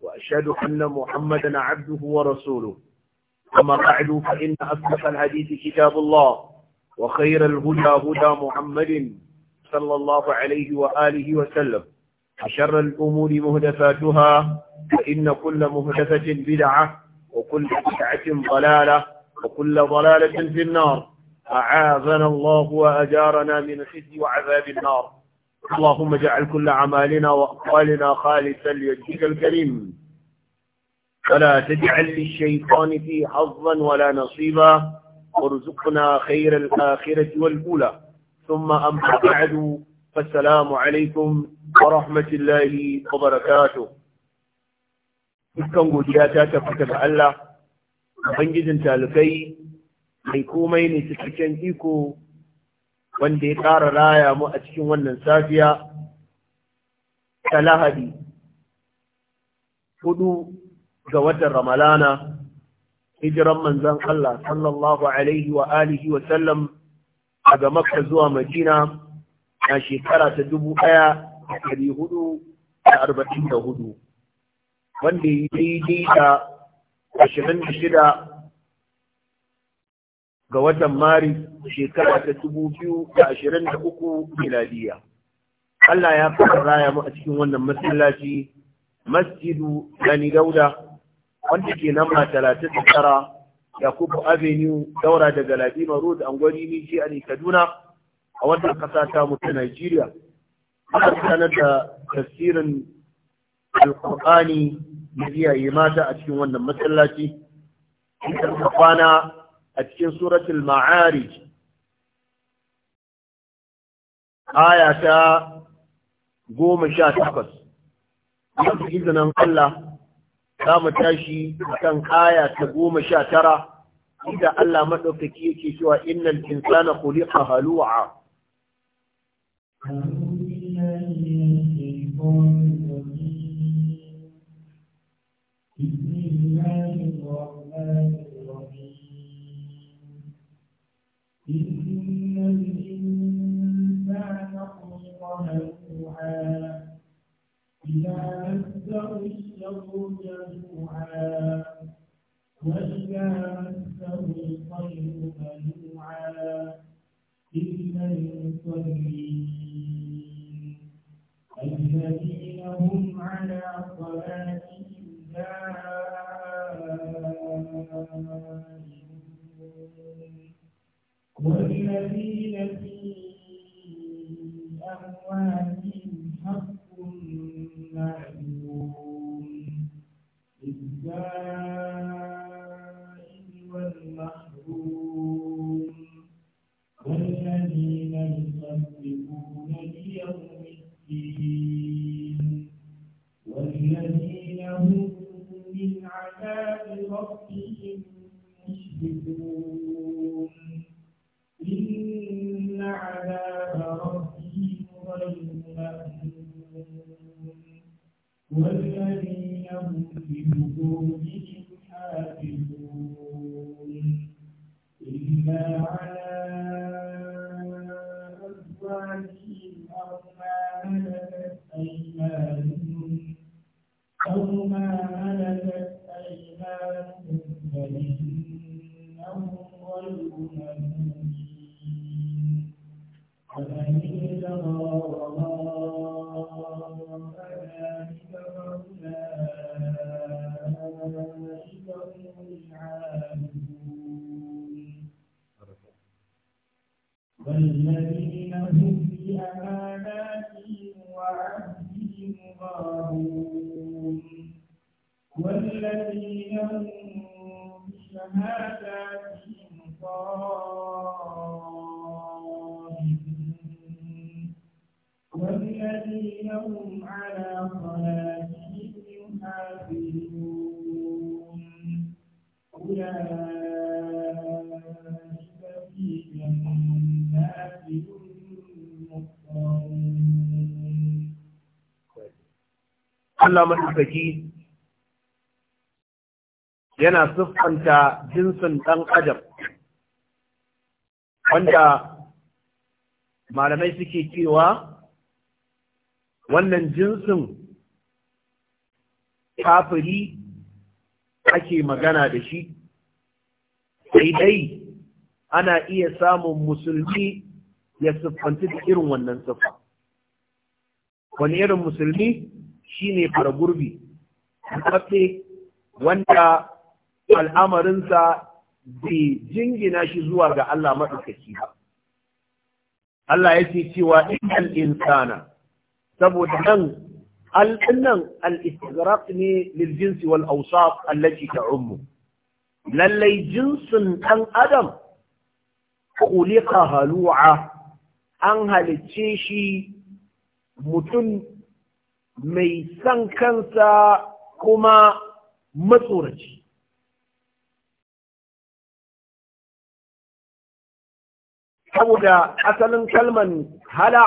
وأشهد أن محمدا عبده ورسوله أما بعد فإن أصدق الحديث كتاب الله وخير الهدى هدى محمد صلى الله عليه وآله وسلم وشر الأمور مهدفاتها فإن كل مهدفة بدعة وكل بدعة ضلالة وكل ضلالة في النار أعاذنا الله وأجارنا من خزي وعذاب النار اللهم اجعل كل اعمالنا وأقوالنا خالصا ليجزيك الكريم فلا تجعل للشيطان في حظا ولا نصيبا وارزقنا خير الآخرة والأولى ثم أما بعد فالسلام عليكم ورحمة الله وبركاته dukkan godiya ta الله ga انت لكي talibai ستكن إيكو wanda ya ƙara raya mu a cikin wannan safiya ta lahadi hudu ga watan ramalana hijiran manzan Allah sallallahu alaihi wa alihi wa sallam daga makka zuwa Majina, na shekara ta dubu ɗaya ɗari hudu da arba'in da hudu wanda ya yi da ashirin da shida ga watan Maris shekara ta ashirin 2023 miladiya. Allah ya fara raya mu a cikin wannan masallaci Masjidu Gani Dauda wanda ke namba 39 Yakubu Avenue daura daga Ladima Road ni ji a Kaduna a wannan kasa ta mu ta Najeriya. Aka sanar da tafsirin Alƙur'ani na iyaye mata a cikin wannan masallaci. Ita kwana a cikin suratul ma'arij aya ta goma sha takwas yanzu izinin Allah za mu tashi kan aya ta goma sha tara inda Allah maɗaukaki yake cewa innal insana khuliqa halu'a فَسَقَوْا جَزُوعًا وَإِذَا مَسَّهُ الْخَيْرُ مَنُوعًا إِلَّا الْمُصَلِّينَ الَّذِينَ هُمْ عَلَى صَلَاتِهِمْ دَائِمُونَ والذين في أموالهم Allah maɗaukaki yana siffanta jinsin ɗan adam wanda malamai suke cewa wannan jinsin kafiri ake magana da shi sai dai ana iya samun musulmi ya siffanci da irin wannan siffa wani irin musulmi shine fargurbi tsatse wanda al'amarinsa bai jingina shi zuwa ga Allah maɗaukaki ba. Allah ya ce cewa ɗin insana saboda nan al'innan al'istigraf ne liljinsi wal ausaf allaci ta ummu. Lallai jinsin ɗan Adam, kulika halu'a an halicce shi mutum mai san kansa kuma matsoraci saboda asalin kalman hala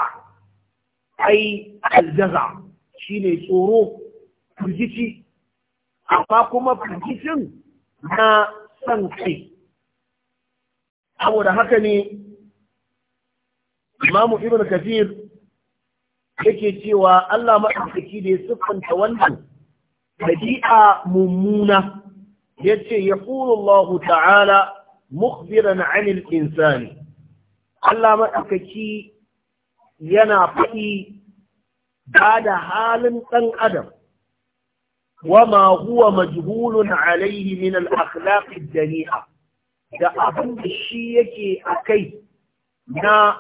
ai aljaza shi ne tsoro firgici amma kuma firgicin na san kai saboda haka ne imamu ibn kafir yake cewa Allah maɗaukaki da ya siffanta wannan dabi'a mummuna ya ce ya Allah ta'ala mukhbiran anil insani Allah maɗaukaki yana faɗi ba da halin ɗan adam وما هو مجهول عليه من الأخلاق jami'a. da abin da shi yake a kai na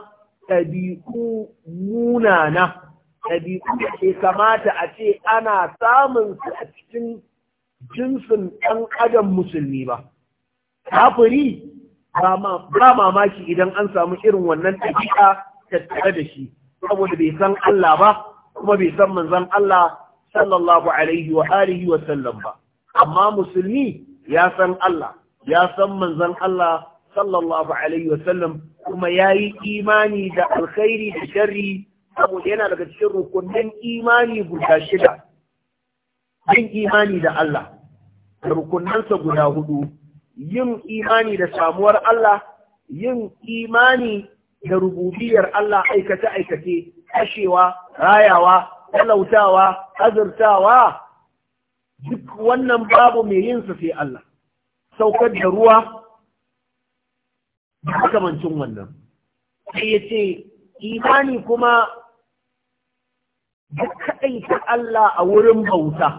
ɗabi'u munana ɗabi'u da ke kamata a ce ana samun su a cikin jinsin ɗan adam musulmi ba. Kafiri ba mamaki idan an samu irin wannan ɗabi'a tattare da shi, saboda bai san Allah ba, kuma bai san manzan Allah sallallahu alaihi wa alihi wa sallam ba. Amma musulmi ya san Allah, ya san manzan Allah sallallahu alaihi wa sallam kuma ya yi imani da alkhairi da sharri saboda yana daga cikin rukunin imani guda shida yin imani da Allah rukunansa guda hudu yin imani da samuwar Allah yin imani da rububiyar Allah aikace aikace kashewa rayawa talautawa azurtawa duk wannan babu mai yinsa, sai Allah saukar da ruwa da makamancin wannan sai ya ce imani kuma Duk da ta Allah a wurin bauta.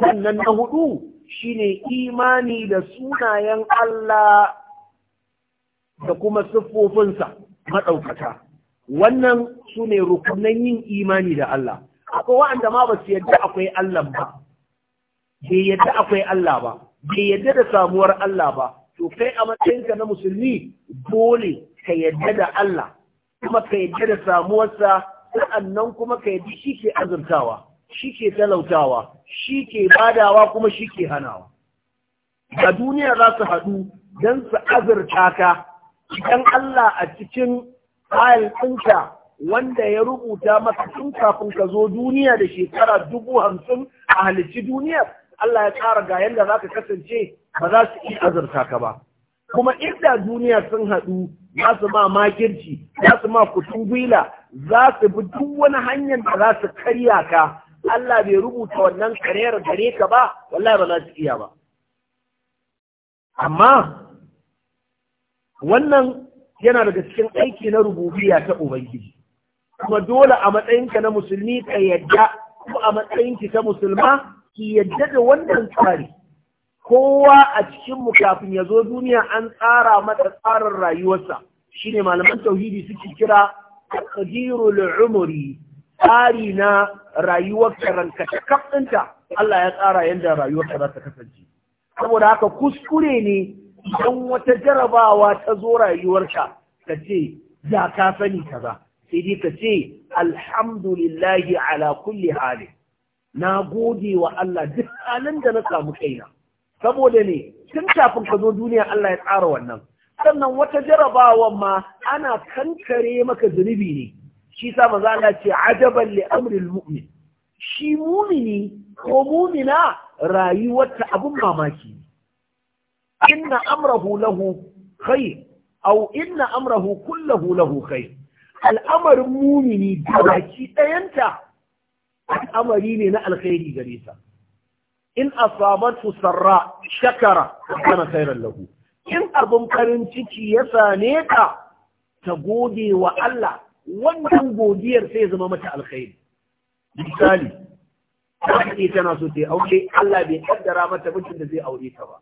Sannan na hudu shine imani da sunayen Allah da kuma siffofinsa maɗaukata. Wannan su ne rukunan yin imani da Allah. Akwai wa'anda ma ba su yadda akwai Allah ba, bai yadda akwai Allah ba, bai yadda da samuwar Allah ba, to kai a matsayinka na musulmi dole ka yadda da Allah, kuma ka yadda da samuwarsa sa'annan kuma ka yi shi ke azurtawa shi ke talautawa shi ke badawa kuma shi ke hanawa a duniya za su haɗu don su azurta ka idan Allah a cikin ayal ɗinka wanda ya rubuta masa tun kafin ka zo duniya da shekara dubu hamsin a halicci duniya Allah ya tsara ga yadda za ka kasance ba za su iya azurta ka ba kuma inda duniya sun haɗu za su ma makirci za su ma kutun gwila za su bi duk wani hanyar da za su karya ka Allah bai rubuta wannan karyar gare ka ba wallahi ba za su iya ba amma wannan yana daga cikin aiki na rububiya ta ubangiji kuma dole a matsayinka na musulmi ka yadda ko a matsayinki ta musulma ki yadda da wannan tsari kowa a cikinmu kafin ya zo duniya an tsara mata tsarin rayuwarsa shine malaman tauhidi suke kira taqdirul umri tsari na rayuwar ranka ta kafinta Allah ya tsara yadda rayuwar za ta kasance saboda haka kuskure ne idan wata jarabawa ta zo rayuwarka ka ce ya ka sani kaza sai dai ka ce alhamdulillahi ala kulli hali na gode wa Allah duk halin da na samu kaina saboda ne tun kafin ka zo duniya Allah ya tsara wannan sannan wata jarabawa ma ana kankare maka zunubi ne shi sa manzo Allah ce ajaban li amril mu'min shi mumini ko mumina rayuwarta abun mamaki inna amrahu lahu khair aw inna amrahu kullahu lahu khair al'amarin mumini da baki ɗayanta al'amari ne na alkhairi gare sa in asabatu sarra shakara kana khairan lahu in abin farin ciki ya same ka ta gode wa Allah wannan godiyar sai zama mata alkhairi misali ta ce tana so ta aure Allah bai kaddara mata mutum da zai aure ta ba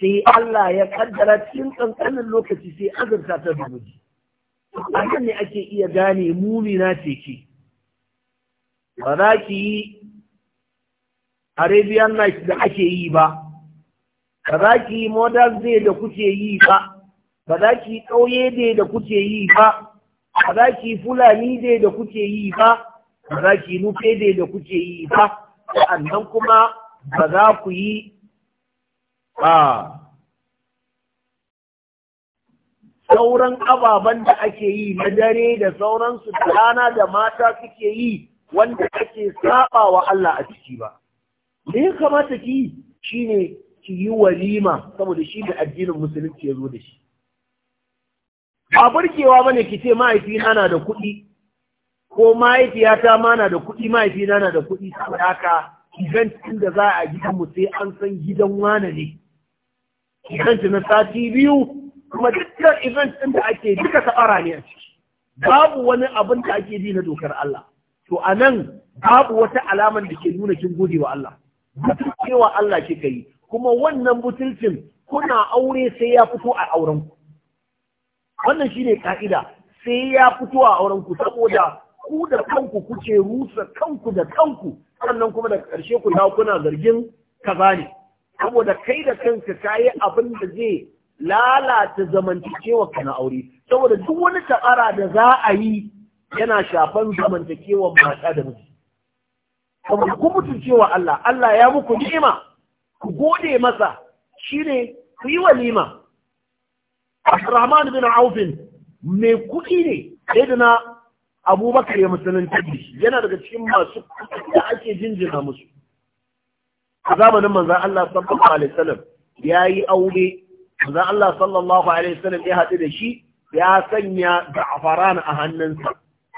sai Allah ya kaddara cikin kankanin lokaci sai azurta ta da miji a ne ake iya gane mumina ce ki ba za ki yi Arabian Nights da ake yi ba ba za ki yi modern day da kuke yi ba ba za ki yi ƙauye da kuke yi ba ba za ki yi fulani day da kuke yi ba ba za ki yi nufe da kuke yi ba sa'annan kuma ba za ku yi ba sauran ababen da ake yi na dare da sauransu da rana da mata suke yi wanda ake saba wa Allah a ciki ba. Me ya kamata ki Shi ne. ki yi walima saboda shi da addinin musulunci ya zo da shi A burkewa bane ki ce mahaifina na da kuɗi ko mahaifiyata ma na da kuɗi mahaifina na da kuɗi saboda haka cikin da za a gidan mu sai an san gidan wane ne na sati biyu kuma dukkan event ɗin da ake duka sabara ne a ciki babu wani abin da ake ji na dokar Allah to anan babu wata alamar da ke nuna kin gode wa Allah cewa Allah kika yi kuma wannan butulcin kuna aure sai ya fito a aurenku wannan shine ka'ida sai ya fito a aurenku saboda ku da kanku kuke rusa kanku da kanku sannan kuma da ƙarshe ku dawo kuna zargin kaza ne saboda kai da kanka kayi abin da zai lalata zamantakewa ka na aure saboda duk wani tabara da za a yi yana shafan zamantakewa mata da miji saboda ku mutuncewa Allah Allah ya muku ni'ima ku gode masa shine ku yi walima Rahman bin Aufin mai kuɗi ne da na abubakar ya tabi yana daga cikin masu da ake jinjina musu a zamanin manzan Allah sallallahu alaihi wasallam ya yi aure manzan Allah sallallahu alaihi wasallam ya haɗu da shi ya sanya za'afaran a hannunsa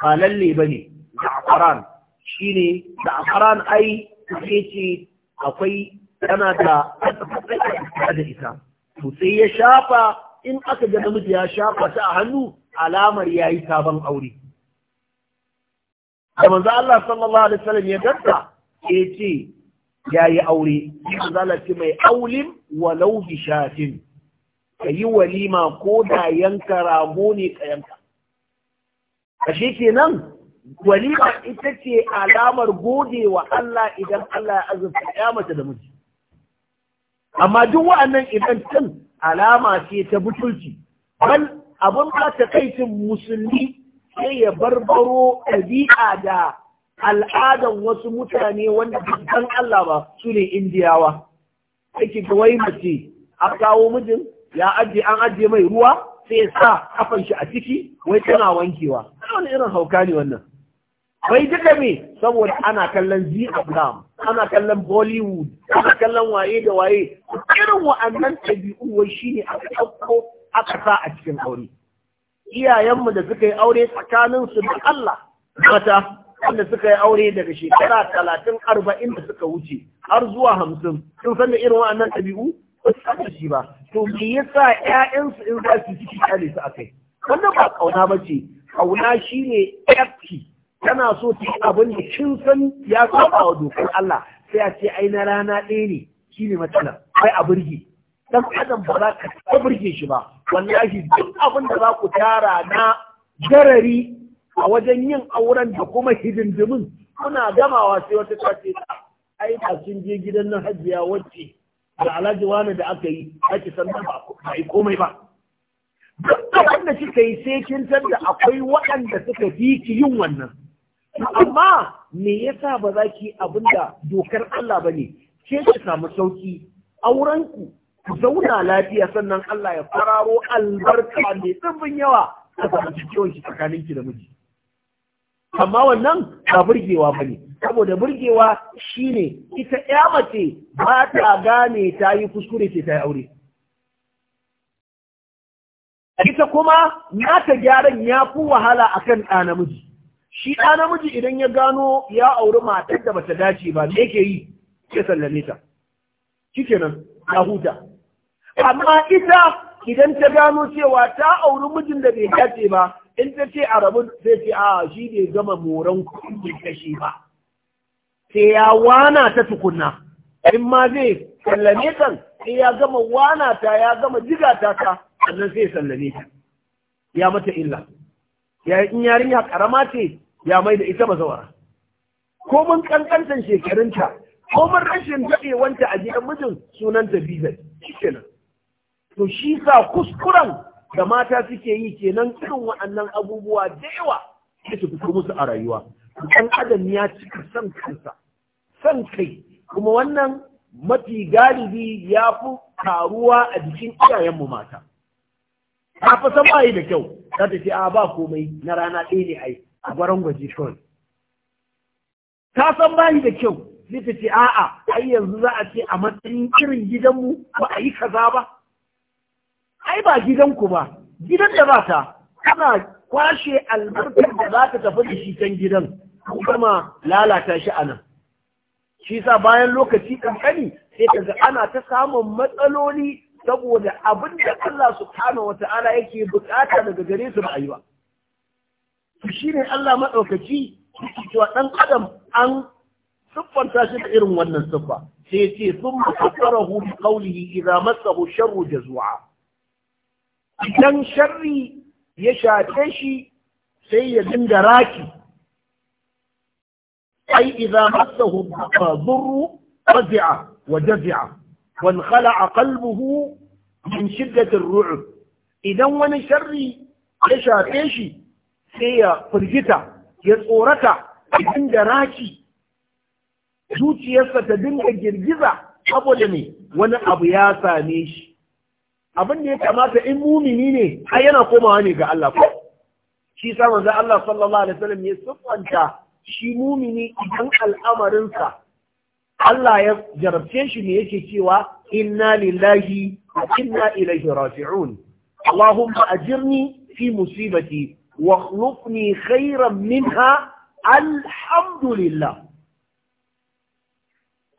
ba lalle ba ne za'afaran shi ne za'afaran ai ce akwai yana da da ita to sai ya shafa in aka ga namiji ya shafa ta a hannu alamar yayi sabon aure da manzo Allah sallallahu alaihi wasallam ya danta E ce yayi aure zalati mai aulin walau bi Ka kayi walima ko da yanka rago ne ka yanka ashe kenan walima ita ce alamar godewa Allah idan Allah ya azurta ya mace da miji amma duk wa'annan idan tun alama ce ta butulci bal abin ba ta musulmi sai ya barbaro ɗabi'a da al'adan wasu mutane wanda san Allah ba su ne indiyawa ake ga wai mace a kawo mijin ya ajiye an ajiye mai ruwa sai ya sa kafan shi a ciki wai tana wankewa wani irin hauka ne wannan bai duka me saboda ana kallon zi ablam ana kallon bollywood ana kallon waye da waye irin wa'annan ɗabi'u wai shi ne aka ɗauko aka sa a cikin aure iyayenmu da suka yi aure tsakaninsu su da Allah mata wanda suka yi aure daga shekara talatin arba'in da suka wuce har zuwa hamsin sun san da irin wa'annan ɗabi'u ba su shi ba to me yasa yayansu in za su ciki kyale su akai wannan ba ƙauna ba ce ƙauna shine ƴafi tana so ta yi abin da kin san ya saba wa dokar Allah sai a ce ai na rana ɗaya ne shi ne matsalar ai a burge dan adam ba za ka ta burge shi ba wallahi duk abin da za ku tara na garari a wajen yin auren da kuma hidindimin kuna gamawa sai wata ta ce ai ba sun je gidan nan hajiya wacce da alhaji wani da aka yi ake san ba a yi komai ba duk abin da kika yi sai kin san da akwai waɗanda suka fi ki yin wannan amma me yasa ba za ki abin da dokar Allah ba ne ke ki samu sauki aurenku ku zauna lafiya sannan Allah ya fararo albarka mai tsimbin yawa a cikin shi tsakanin ki da miji amma wannan ba burgewa ba ne saboda burgewa shi ne, ita ya mace ba ta gane ta yi kuskure ce ta yi aure ita kuma nata gyaran ya fi wahala akan ɗa namiji shi ɗa namiji idan ya gano ya auri matar da bata dace ba me yake yi ke sallame ta nan ya huta amma ita idan ta gano cewa ta auri mijin da bai dace ba in ta ce a rabu sai ce a shi bai gama moran kuɗin kashi ba sai ya wana ta tukunna in ma zai sallame kan sai ya gama wana ta ya gama jiga ta ta sannan sai sallame ta ya mata illa ya in yarinya karama ce ya mai da ita bazawara ko mun kankantan shekarunta ko mun rashin daɗewanta a gidan mijin sunanta bizar shikenan to shi sa kuskuren da mata suke yi kenan irin waɗannan abubuwa da yawa ke su fito musu a rayuwa dan adam ya cika son kansa son kai kuma wannan mafi galibi ya fi karuwa a jikin iyayenmu mata ta fi san bayi da kyau za ta ce a ba komai na rana ɗaya ne ai a gwaron gwaji kawai ta san bayi da kyau sai ta ce a'a ai yanzu za a ce a matsayin irin gidanmu ba a yi kaza ba ai ba gidan ku ba gidan da ba ta kana kwashe albarkar da za ta tafi da shi can gidan kuma lalata shi a nan shi sa bayan lokaci kankani sai ka ga ana ta samun matsaloli saboda abin da Allah subhanahu wa ta'ala yake bukata daga gare su rayuwa shi ne Allah maɗaukaci cewa ɗan adam an siffanta shi da irin wannan siffa sai ce sun makasara hu bi idan idza massahu sharru zuwa. idan sharri ya shafe shi sai ya dinga raki ai idza massahu dhurru raji'a wa jazi'a وانخلع قلبه من شدة الرعب Idan wani sharri ya shafe shi sai ya firgita ya tsorata cikin da raki zuciyarsa ta dinga girgiza saboda ne wani abu ya same shi abin da ya kamata in mumini ne ai yana komawa ne ga Allah ko shi sa manzo Allah sallallahu alaihi wasallam ya siffanta shi mumini idan al'amarinsa Allah ya jarabce shi ne yake cewa inna lillahi wa inna ilaihi raji'un Allahumma ajirni fi musibati wa khlufni khairan minha alhamdulillah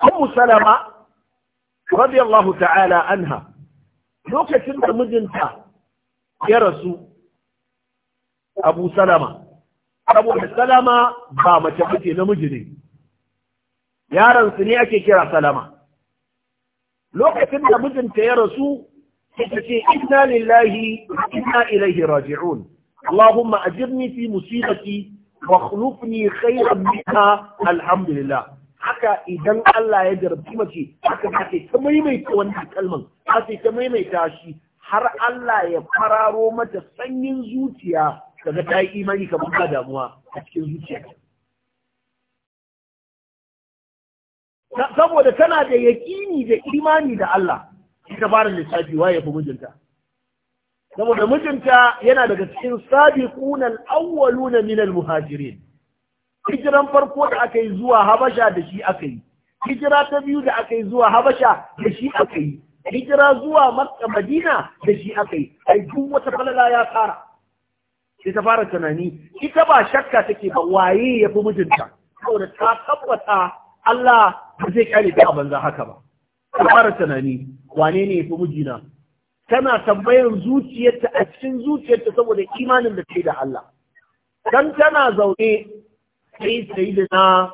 Ummu Salama radiyallahu ta'ala anha lokacin da mijinta ya rasu Abu Salama Abu Salama ba mace bace namiji ne yaron su ne ake kira salama lokacin da mijinta ya rasu ita ce inna lillahi wa inna ilaihi raji'un allahumma ajirni fi musibati wa khulufni khayran minha alhamdulillah haka idan Allah ya jarabci mace haka ake ta maimaita wannan kalman ake ta maimaita shi har Allah ya fararo mata sanyin zuciya kaga ta yi imani kamar ba damuwa a cikin zuciya saboda tana da yaƙini da imani da Allah ita fara lissafi ya fi mijinta saboda mijinta yana daga cikin sabiquna al-awwaluna min al-muhajirin hijiran farko da aka yi zuwa Habasha da shi aka yi hijira ta biyu da aka yi zuwa Habasha da shi aka yi hijira zuwa Makka Madina da shi aka yi ai duk wata falala ya fara sai ta fara tunani ita ba shakka take ba waye ya fi mijinta saboda ta tabbata Allah ba zai kyale ta a banza haka ba ka fara tunani wane ne fi mijina tana tambayar zuciyarta a cikin zuciyarta saboda imanin da ke da Allah dan tana zaune sai sayyidina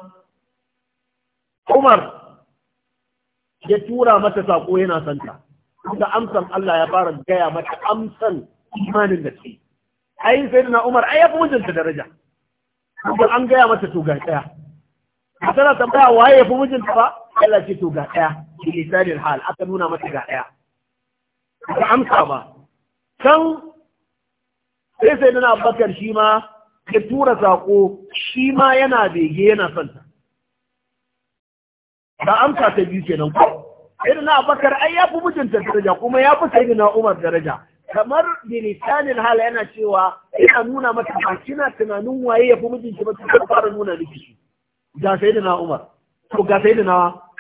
Umar ya tura mata sako yana santa da amsan Allah ya fara gaya mata amsan imanin da ke ai sayyidina Umar ai ya fi mijinta daraja an gaya mata to ga a tana tambaya waye ya fi mijinta ba Allah ce to ga ɗaya ki lisanin hal aka nuna mata ga ɗaya ba amsa ba can sai sai nuna bakar shi ma ya tura saƙo shi ma yana bege yana santa ba amsa ta biyu kenan ko na bakar ai ya fi mijinta daraja kuma ya fi sayyidina umar daraja kamar bilisanin hal yana cewa yana nuna mata ba kina tunanin waye ya fi mijinta ba ta fara nuna miki shi ga sai da na Umar to ga sai da na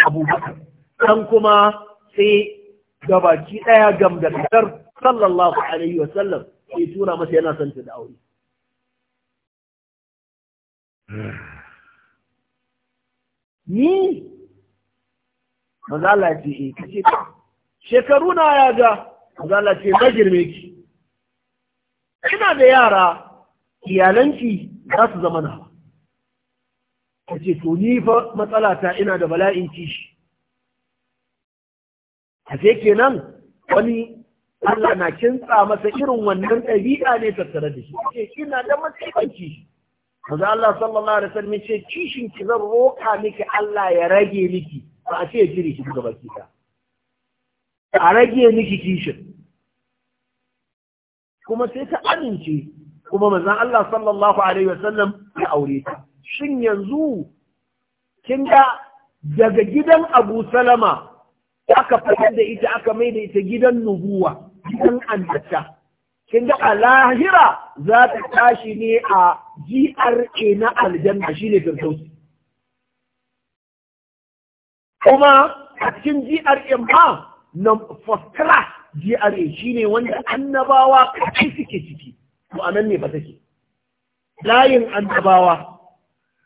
Abu Bakar dan kuma sai gabaki daya gam da sallallahu alaihi wa sallam sai tura masa yana son ta da aure ni maza Allah ce eh kace shekaru na ya ga maza Allah ce magirme ki ina da yara iyalanki za su zama na ta ce to ni fa matsala ta ina da bala'in kishi a ce kenan wani Allah na kintsa masa irin wannan ɗabi'a ne tattare da shi ce ina da matsalan kishi kaza Allah sallallahu alaihi wasallam ce kishin ki zan roƙa miki Allah ya rage miki ba a ce ya jiri ki daga baki ta a rage miki kishin kuma sai ta amince kuma manzon Allah sallallahu alaihi wasallam ya aure ta shin yanzu kin ga daga gidan abu salama aka fitar da ita aka mai da ita gidan nubuwa gidan annabta kin ga a lahira za ta tashi ne a GRA na aljanna shine firdausi kuma a cikin GRA ma na first class GRA shine wanda annabawa kai suke ciki to anan ne ba take layin annabawa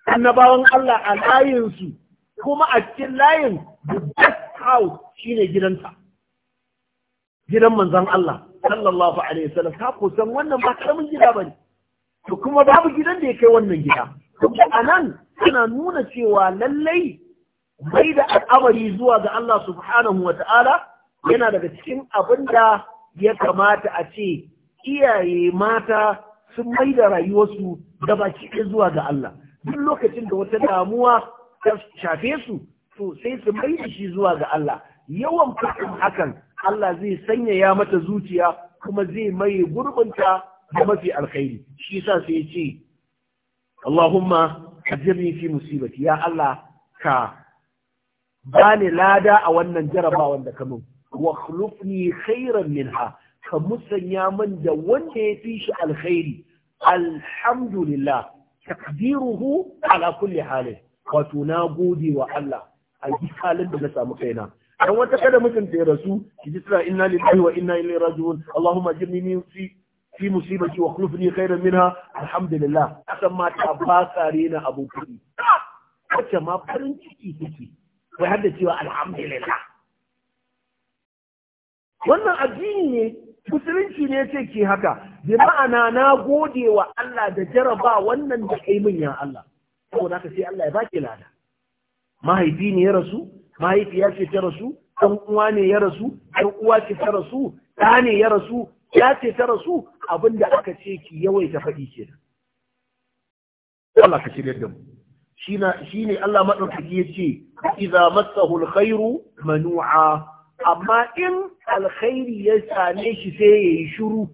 annabawan Allah a layinsu kuma a cikin layin the best house shine gidanta gidan manzon Allah sallallahu alaihi wasallam ka san wannan ba karamin gida bane to kuma babu gidan da ya kai wannan gida kuma anan suna nuna cewa lallai mai da al'amari zuwa ga Allah subhanahu wa ta'ala yana daga cikin abin da ya kamata a ce iyaye mata sun mai da rayuwarsu da baki zuwa ga Allah duk lokacin da wata damuwa ta shafe su to sai su mai da shi zuwa ga Allah yawan fakin hakan Allah zai sanyaya mata zuciya kuma zai mai gurbinta da mafi alkhairi shi yasa sai ya ce Allahumma ajirni fi musibati ya Allah ka bani lada a wannan jarabawan da kamun wa khulufni khairan minha ka musanya min da wanda ya fi shi alkhairi alhamdulillah takdiruhu ala kulli hali wato na gode wa Allah a halin da na samu kaina dan wata kada mutum ya rasu ki ji tsara inna lillahi wa inna ilaihi raji'un allahumma jirni min fi fi musibati wa khulfni khayran minha alhamdulillah akan ma ta ba sare na abu kudi wacce ma farin ciki kike wai har da cewa alhamdulillah wannan addini ne musulunci ne ce ke haka bi ma'ana na gode wa Allah da jaraba wannan da kai min ya Allah saboda ka sai Allah ya baki lada mahaifi ne ya rasu mahaifi ya ce ta rasu ɗan uwa ne ya rasu ɗan uwa ce ta rasu ɗa ne ya rasu ya ce ta rasu abin da aka ce ki yawai ta faɗi ke da. Allah ka shirya da mu shi ne Allah maɗaukaki ya ce iza masahu alkhairu manu'a amma in alkhairi ya same shi sai ya yi shuru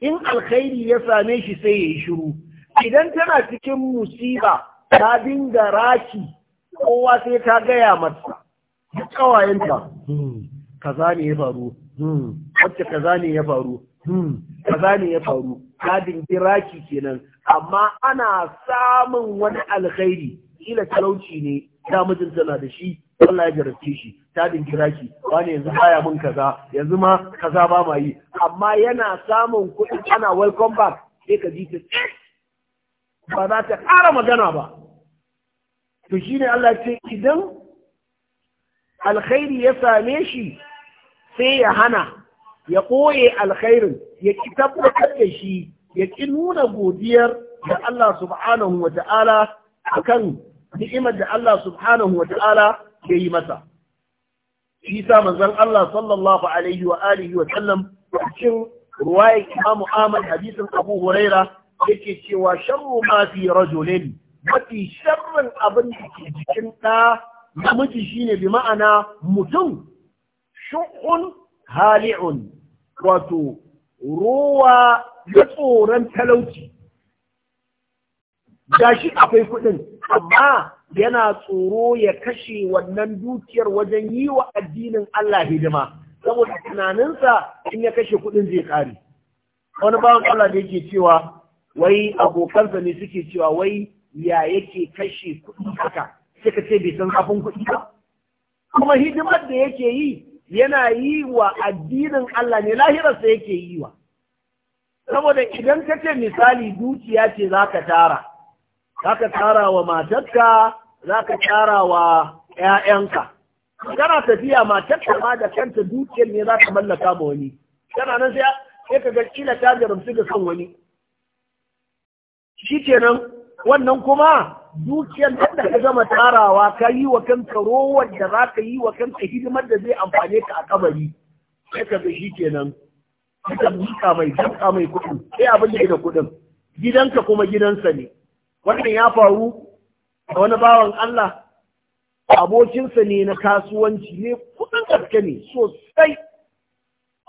in alkhairi ya same shi sai ya yi shuru idan tana cikin musiba ta dinga raki kowa sai ta gaya mata duk kawayenta hmm, kaza ne ya faru hmm, wacce kaza ne ya faru hmm, kaza ne ya faru ta dingi raki kenan amma ana samun wani alkhairi kila talauci ne ta mijinta na da shi Allah ya jarabce shi ta kiraki ki wani yanzu baya mun kaza yanzu ma kaza ba ma yi amma yana samun kuɗi ana welcome back sai ka ji ta ba za ta ƙara magana ba to shine Allah ce idan alkhairi ya same shi sai ya hana ya ɓoye alkhairin ya ki tabbatar da shi ya ki nuna godiyar da Allah subhanahu wa ta'ala akan ni'imar da Allah subhanahu wa ta'ala ya yi masa shi sa manzon Allah sallallahu alaihi wa alihi wa sallam cikin ruwayar Imam Ahmad hadisin Abu Huraira yake cewa sharru ma fi rajulin mafi sharrin abin da ke jikin ɗa namiji shine bi ma'ana mutum shu'un hali'un wato ruwa na tsoron talauci gashi akwai kuɗin amma yana tsoro ya kashe wannan dukiyar wajen yi wa addinin Allah hidima saboda tunaninsa in ya kashe kuɗin zai kare wani bawan Allah da yake cewa wai abokansa ne suke cewa wai ya yake kashe kuɗi haka suka ce bai san zafin kuɗi ba kuma hidimar da yake yi yana yi wa addinin Allah ne lahirarsa yake yi wa saboda idan ka ce misali dukiya ce za ka tara za ka tara wa matarka za ka kyara wa ‘ya'yanka. Kana tafiya matar ta ma da kanta dukiyar ne za ta mallaka ma wani. Kana nan sai ka ga kila ta jarumci ga son wani. Shi kenan wannan kuma dukiyar da ka zama tarawa ka yi wa kanka rowar da za ka yi wa kanka hidimar da zai amfane ka a kabari. Sai ka ga shi kenan. Ka miƙa mai zanka mai kuɗi. sai abin da da kuɗin. Gidanka kuma gidansa ne. Wannan ya faru wani bawan Allah abokinsa ne na kasuwanci ne kudin gaske ne sosai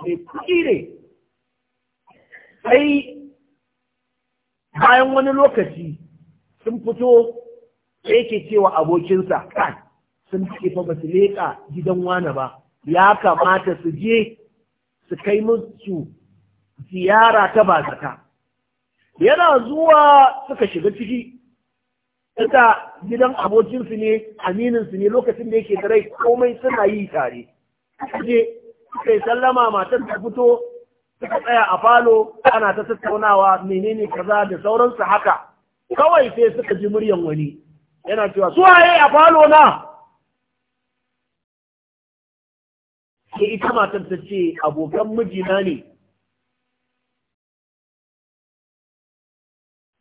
mai kuɗi ne sai bayan wani lokaci sun fito da yake cewa abokinsa kan sun fi fa ba su leƙa gidan wane ba ya kamata su je su kai musu ziyara ta bazata yana zuwa suka shiga ciki ita gidan abokinsu ne amininsu ne lokacin da yake da rai komai suna yi tare je sai sallama matar ta fito suka tsaya a falo ana ta tattaunawa menene kaza da sauransu haka kawai sai suka ji muryan wani yana cewa su waye a falo na sai ita matar ta ce abokan mijina ne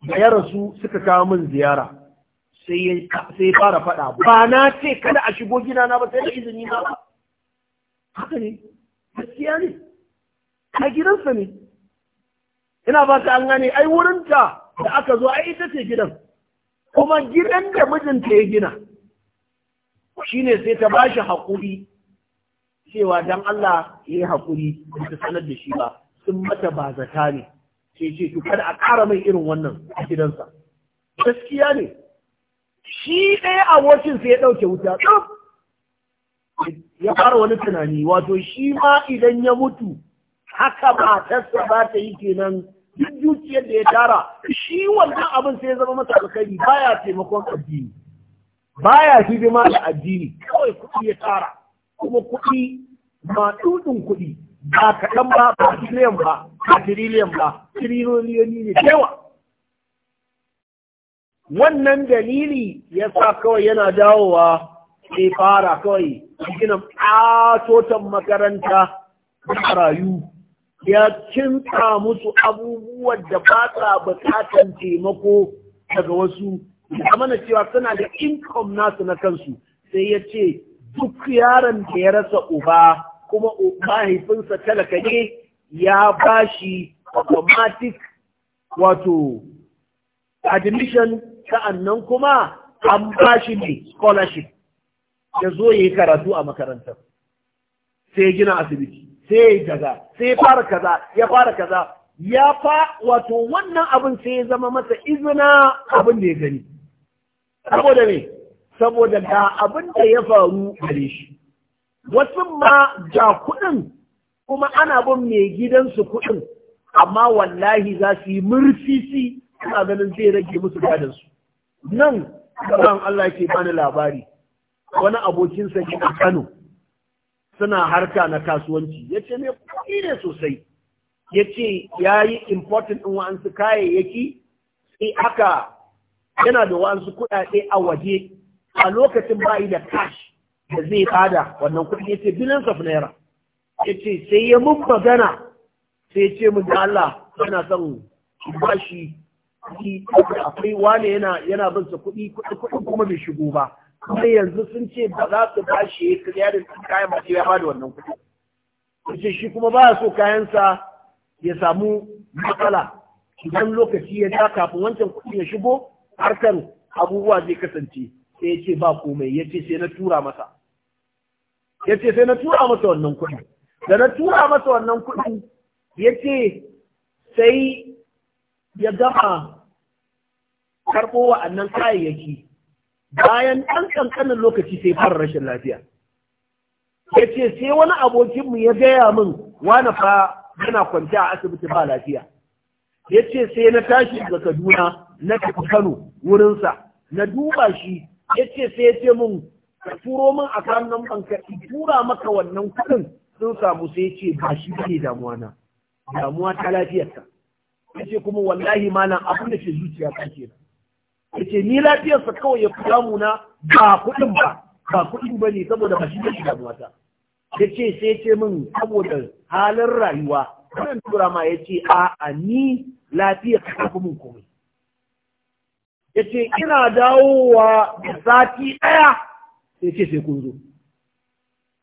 da ya rasu suka kawo min ziyara sai ya fara faɗa ba na ce kada a shigo na ba sai da izini na ba haka ne gaskiya ne a gidansa ne ina ba ta an gane ai wurinta da aka zo ai ita ce gidan kuma gidan da mijinta ya gina shine sai ta bashi haƙuri cewa dan Allah ya yi haƙuri ta sanar da shi ba sun mata ba zata ne ce ce to kada a ƙara mai irin wannan a gidansa gaskiya ne shi ɗaya abokin sai ya ɗauke wuta tsaf ya fara wani tunani wato shi ma idan ya mutu haka tasa ba ta yi kenan duk dukiyar da ya tara shi wannan abin sai ya zama masa ba baya taimakon addini baya hidima da addini kawai kuɗi ya tara kuma kuɗi ma dudun kuɗi ba kaɗan ba ba ba ba ba ne da yawa wannan dalili ya sa kawai yana dawowa ne fara kawai gina ƙatoton makaranta da rayu ya cinta musu abubuwan da ba sa buƙatan taimako daga wasu mana cewa suna da income nasu na kansu sai ya ce duk yaron da ya rasa uba kuma mahaifinsa talaka ne ya bashi automatic wato admission sa'annan kuma an ba shi ne scholarship ya zo ya yi karatu a makarantar sai ya gina asibiti sai ya yi kaza sai ya fara kaza ya fara kaza ya fa wato wannan abin sai ya zama masa izina abin da ya gani saboda me saboda da abin da ya faru gare shi wasu ma ga kuɗin kuma ana bin mai gidansu kuɗin amma wallahi za su yi murfisi suna ganin zai rage musu gadansu nan kan Allah ke bani labari wani abokinsa ke a Kano suna harka na kasuwanci ya ce mai kuɗi ne sosai ya ce ya yi important ɗin wa'ansu kayayyaki sai aka yana da wa'ansu kuɗaɗe a waje a lokacin bayi da cash da zai bada wannan kuɗi ya ce billions of naira ya ce sai ya mun magana sai ya ce mun da Allah yana son bashi akwai wane yana yana bin sa kuɗi kuɗi kuma bai shigo ba kuma yanzu sun ce ba za su ba shi ya kariya da kayan ba sai ya ba da wannan kuɗi kace shi kuma ba so kayansa ya samu matsala idan lokaci ya ja kafin wancan kuɗi ya shigo harkar abubuwa zai kasance sai ya ce ba komai ya ce sai na tura masa ya ce sai na tura masa wannan kuɗi da na tura masa wannan kuɗi ya ce sai ya gama karɓo annan kayayyaki bayan ɗan ƙanƙanin lokaci sai fara rashin lafiya ya ce sai wani abokinmu ya gaya min wani fa yana kwanci a asibiti ba lafiya ya ce sai na tashi daga kaduna na tafi kano wurinsa na duba shi ya ce sai ya ce min ka turo min a kan nan banka tura maka wannan kuɗin sun samu sai ya ce ba shi ne damuwa na damuwa ta lafiyarka ce kuma wallahi malam abin da ke zuciya ta Ya yace ni lafiyarsa kawai ya fi damuna ba kuɗin ba ba kuɗin ba ne saboda ba shi ne shi damuwata ya ce sai ce min saboda halin rayuwa wannan tura ma ya ce a ni lafiya ta kafa min komai ya ce ina dawowa da sati ɗaya sai ce sai kun zo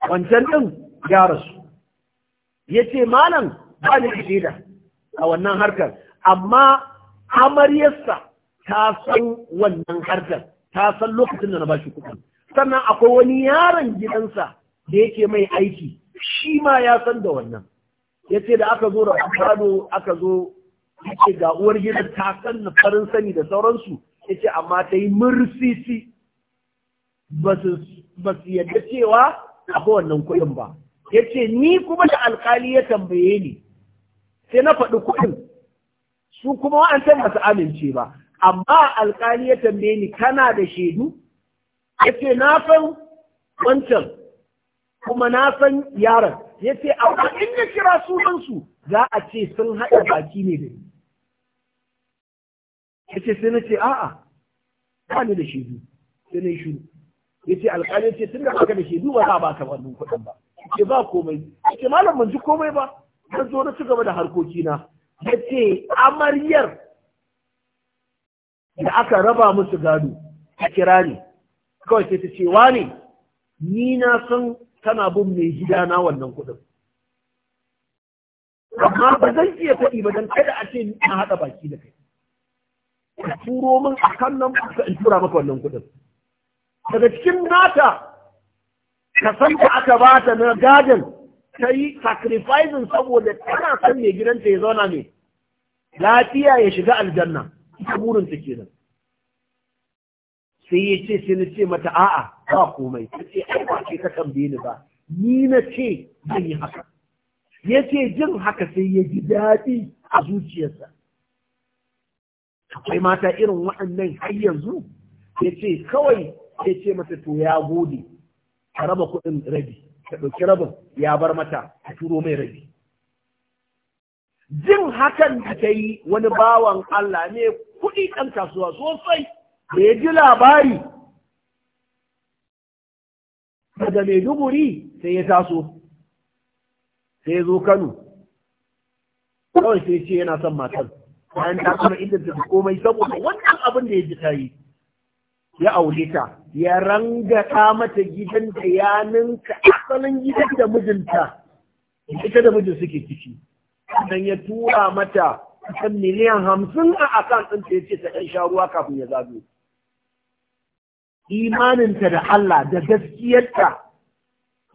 wancan ɗin ya rasu ya ce malam ba ni da shaida a wannan harkar amma amaryarsa ta san wannan harkar ta san lokacin da na ba shi kuɗi sannan akwai wani yaron gidansa da yake mai aiki shi ma ya san da wannan ya ce da aka zo da kwano aka zo ce ga uwar gidan ta san farin sani da sauransu ya ce amma ta yi mursisi ba su yadda cewa akwai wannan kuɗin ba ya ce ni kuma da alkali ya tambaye ni sai na faɗi kuɗin su kuma wa'ancan masu amince ba amma alƙali ya tambaye ni kana da shaidu ya ce na san wancan kuma na san yaron ya ce amma in ya kira sunansu za a ce sun haɗa baki ne da ni ya ce sai na ce a'a ba ni da shaidu sai na yi shiru ya ce alƙali ya ce tun da haka da shaidu ba za a baka wannan kuɗin ba ya ce ba komai ya ce malam ban ji komai ba na zo na cigaba da harkokina ya ce amaryar da aka raba musu gado a kira ne kawai sai ta cewa ne, ni na san tana bin mai gida na wannan kuɗin amma ba zan iya faɗi ba don kada a ce na haɗa baki da kai ka turo min a kan nan ka in tura maka wannan kuɗin daga cikin nata ka san ka aka bata na gadon ta yi sacrificing saboda tana son mai gidanta ya zauna ne lafiya ya shiga aljanna ita ke kenan sai ya ce sai na ce mata a'a ba komai ta ce ai ba ce ka tambaye ni ba ni na ce zan yi haka ya ce jin haka sai ya ji daɗi a zuciyarsa akwai mata irin waɗannan har yanzu ya ce kawai ya ce mata to ya gode ka raba kuɗin rabi ta ɗauki rabin ya bar mata a turo mai rabi jin hakan da ta yi wani bawan Allah ne kuɗi ɗan kasuwa sosai da ya ji labari daga maiduguri sai ya taso sai ya zo kano kawai sai ce yana son matar bayan ta kuma inda ta komai saboda wannan abin da ya ji ta yi ya aulita ta ya rangata mata gidan da ya ninka asalin gidan da mijinta ita da mijin suke ciki sannan ya tura mata kan miliyan hamsin a akan ɗinta ya ce ta ɗan sha ruwa kafin ya zago imaninta da Allah da gaskiyarta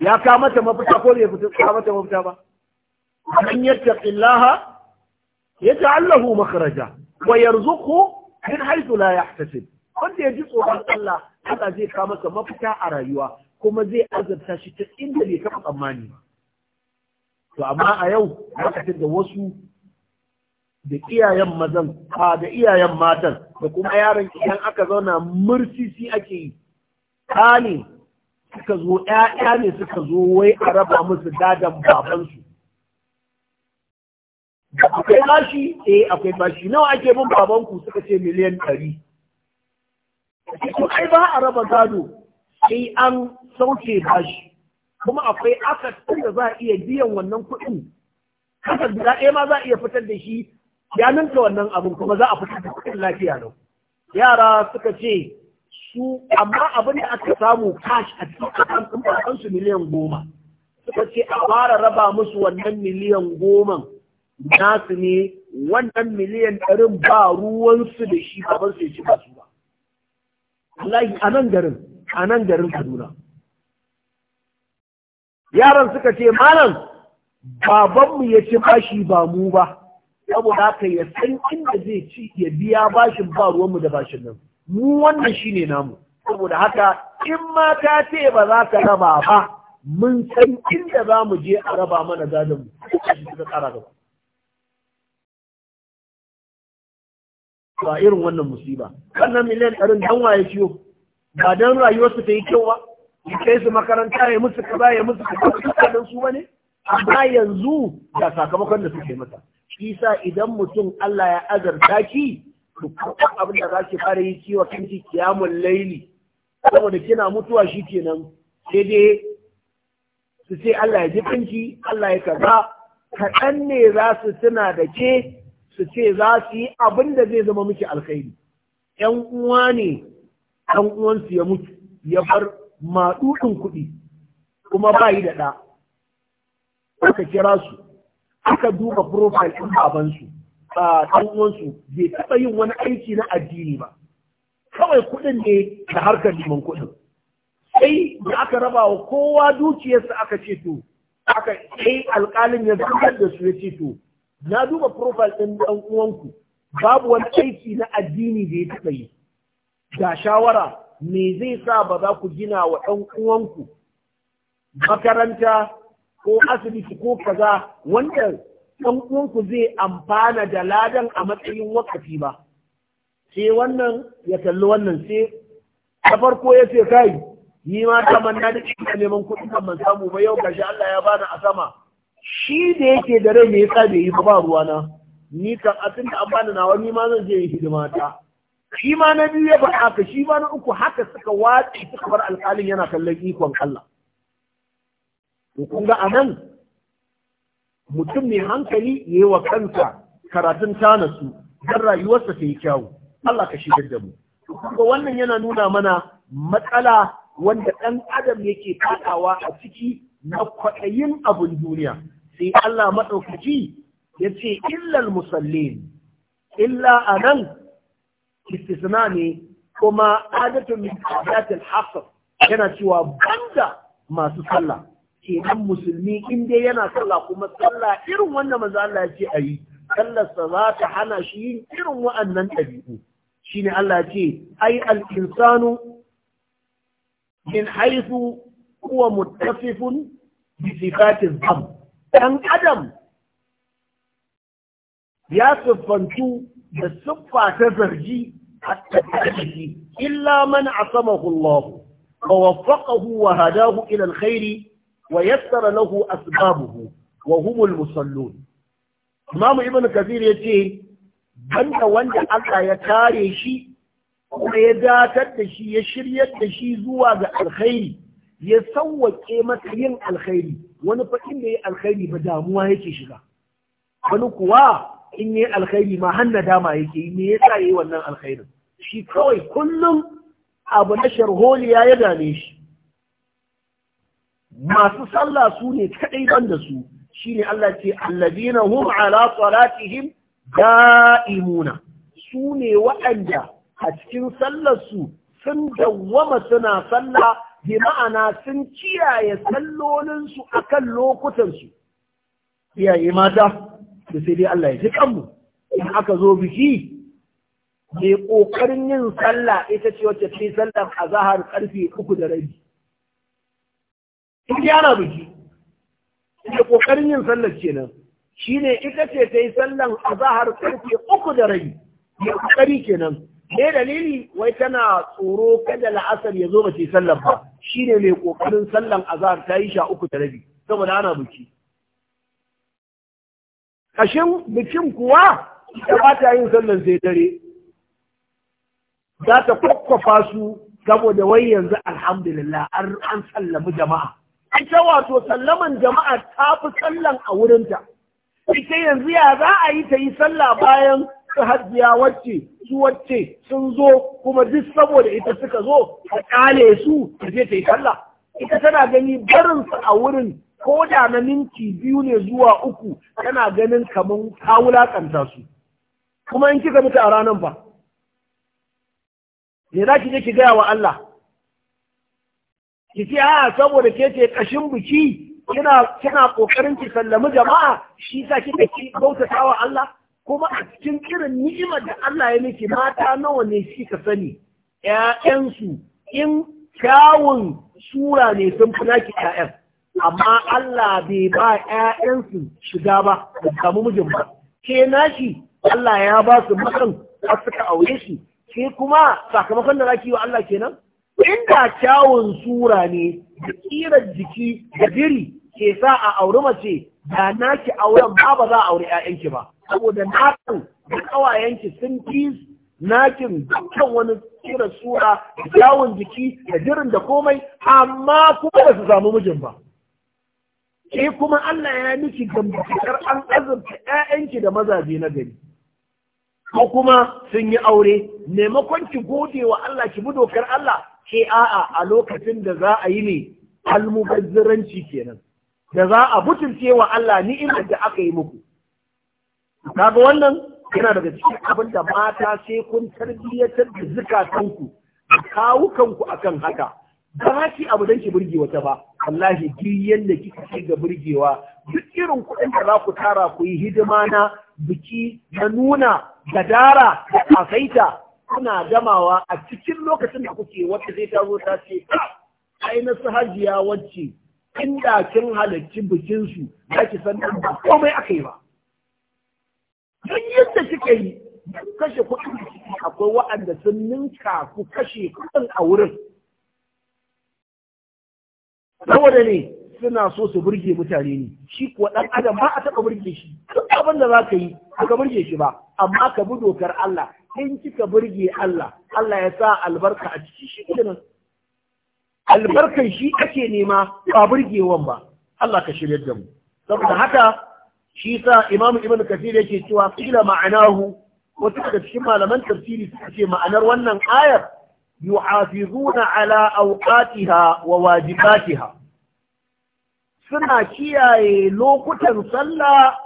ya ka mata mafita ko ya fita ka mata mafita ba man ya ta'allahu makhraja wa yarzuqhu min haythu la yahtasib wanda ya ji tsoron Allah Allah zai kawo masa mafita a rayuwa kuma zai azabta shi ta inda bai taɓa tsammani ba to amma a yau lokacin da wasu da iyayen mazan a da iyayen matan da kuma yaron idan aka zauna mursisi ake yi ne suka zo ‘ya'ya ne suka zo wai a raba musu dadan babansu akwai bashi eh akwai bashi nawa ake bin babanku suka ce miliyan ɗari ko ai ba a raba gado sai an sauke bashi kuma akwai akatun da za a iya biyan wannan kuɗin kasar da ɗaya ma za a iya fitar da shi ya ninka wannan abin kuma za a fitar da kuɗin lafiya lau yara suka ce su amma abin da aka samu cash a cikin akan ɗin su miliyan goma suka ce a fara raba musu wannan miliyan goma nasu ne wannan miliyan ɗarin ba ruwansu da shi kamar su ci ba ba Allahi a nan garin a nan garin Kaduna yaran suka ce malam babanmu ya ci bashi ba mu ba saboda haka ya san inda zai ci ya biya bashin ba ruwanmu da bashin nan mu wannan shine namu saboda haka in ma ta ce ba za ka raba ba mun san inda za mu je a raba mana gadonmu mu suka tsara gaba ba irin wannan musiba wannan miliyan ɗarin don waye ciwo ba dan rayuwarsu ta yi kyau ba ya kai su makaranta ya musu Ba ya musu ka ba su bane ba yanzu da sakamakon da suke masa shi sa idan mutum Allah ya azarta ki to abin da za ki fara yi ciwo ki kiyamun laili saboda kina mutuwa shi kenan sai dai su ce Allah ya ji kanki Allah ya kaza kaɗan ne za su tuna da ke su ce za su yi abin da zai zama miki alkhairi ‘yan uwa ne ɗan uwansu ya mutu ya bar maɗuɗin kuɗi kuma ba yi da ɗa aka kira su aka duba profile ɗin babansu ba ɗan uwansu bai taɓa yin wani aiki na addini ba kawai kuɗin ne da harkar liman kuɗin sai da aka raba wa kowa dukiyarsa aka ce to aka kai alƙalin ya zartar da su ya ce to na duba profile ɗin ɗan uwanku babu wani aiki na addini da ya taɓa yi ga shawara me zai sa ba za ku gina wa ɗan uwanku makaranta ko asibiti ko kaza wanda ɗan uwanku zai amfana da ladan a matsayin wakafi ba sai wannan ya kalli wannan sai ta farko ya ce kai ni ma ta manna da neman kuɗi kan man samu ba yau gashi Allah ya bani a sama shi da yake da rai mai yasa yi ba ruwa na ni kan asin da amana na wani ma zan je hidima ta shi ma na biyu ya faɗa ka shi ma na uku haka suka wace suka bar alƙalin yana kallon ikon Allah to kun ga anan mutum mai hankali yayi wa kansa karatun su, don rayuwarsa ta yi kyawu Allah ka shigar da mu kuma wannan yana nuna mana matsala wanda ɗan adam yake fadawa a ciki na kwaɗayin abin duniya sai Allah maɗaukaci ya ce illal musallin illa a nan istisna ne kuma adatun min adatul yana cewa banda masu sallah kenan musulmi in dai yana sallah kuma sallah irin wanda maza Allah ya ce yi. sallarsa za ta hana shi yin irin wa'annan ɗabi'u shine Allah ce ai al-insanu min haythu kuwa muttasifun bi sifati ɗan adam ya siffantu da siffa ta zargi hatta tashi illa man asamahu Ka wa waffaqahu wa hadahu ila alkhairi wa yassara lahu asbabuhu wa humul musallun Imam Ibn Kathir yace banda wanda Allah ya tare shi kuma ya datar da shi ya shiryar da shi zuwa ga alkhairi ya sawwake masa yin alkhairi wani fa inda yayi alkhairi ba damuwa yake shiga wani kuwa in yayi alkhairi ma hanna dama yake yi me yasa yi wannan alkhairin shi kawai kullum abu na sharholiya ya dame shi masu sallah su ne kadai ban da su shine Allah ce alladina hum ala salatihim da'imuna su ne waɗanda a cikin sallar su sun dawwama suna sallah bi ma'ana sun kiyaye sallolinsu a kan lokutansu iyaye mata da sai dai Allah ya ji kanmu in aka zo biki mai ƙoƙarin yin sallah ita ce wacce ta yi sallar a zahar ƙarfe uku da rabi in gyara biki mai ƙoƙarin yin sallar kenan shine ita ce ta yi sallar a zahar ƙarfe uku da rabi mai ƙoƙari kenan me dalili wai tana tsoro kada la'asar ya zo ba ce sallar ba Shi ne mai ƙoƙarin sallan azar ta yi sha uku da rabi saboda ana buki. kashin bikin kuwa da ba ta yin sallan sai dare za ta kwakwafa su saboda wai yanzu alhamdulillah an sallamu jama'a cewa wato sallaman jama'a ta fi sallan a wurinta ita yanzu ya za a yi ta yi sallah bayan Suka hajjiya wacce su wacce sun zo kuma duk saboda ita suka zo a ƙale su ta je ta yi sallah ita tana gani barin su a wurin ko da na minti biyu ne zuwa uku tana ganin kamar ta wulakanta su kuma in kika mutu a ranar ba me za ki je ki gaya wa Allah ki ce a saboda ke ce kashin biki kina kina kokarin ki sallami jama'a shi sa kika ki bautata wa Allah kuma a cikin kiran ni'imar da Allah ya miki mata nawa ne shi ka sani ‘ya'yansu in kyawun sura ne sun fi naki ‘ya'yan amma Allah bai ba ‘ya'yansu shiga ba da samu mijin ba ke nashi Allah ya ba su makan a suka aure shi ke kuma sakamakon da zaki yi wa Allah kenan inda kyawun sura ne da kiran jiki da biri ke sa a auri mace da naki auren ba ba za a aure ‘ya'yanki ba saboda nakin da kawayenki sun fi nakin dukkan wani kira sura da yawon jiki da jirin da komai amma kuma ba su samu mijin ba ke kuma Allah ya miki gambatar an azurta 'ya'yanki da mazaje na gari ko kuma sun yi aure maimakon ki gode wa Allah ki bi dokar Allah ke a'a a lokacin da za a yi ne almubazziranci kenan da za a butulce wa Allah ni'imar da aka yi muku kaga wannan yana daga cikin abin da mata sai kun tarbiyyatar da zukatanku kawukanku akan haka ba ki abu don ki burge wata ba wallahi duk yadda kika ci ga burgewa duk irin kuɗin da za ku tara ku yi hidima na biki na nuna gadara da kafaita kuna gamawa a cikin lokacin da kuke wata zai ta zo ta ce ah, ai na su hajiya wacce inda kin halarci bikinsu za ki san ba komai aka yi ba duk yadda suka yi duk kashe kuɗin da suke akwai wa'anda sun ninka ku kashe kuɗin a wurin saboda ne suna so su burge mutane ne shi kuwa ɗan adam ba a taɓa burge shi duk abin da za ka yi aka burge shi ba amma ka bi dokar Allah in kika burge Allah Allah ya sa albarka a cikin shi kenan albarkan shi ake nema ba burgewan ba Allah ka shirya da mu saboda haka shi sa imamu ibn kafir yake cewa kila ma'anahu wata daga cikin malaman tafsiri suka ce ma'anar wannan ayar yuhafizuna ala awqatiha wa wajibatiha suna kiyaye lokutan sallah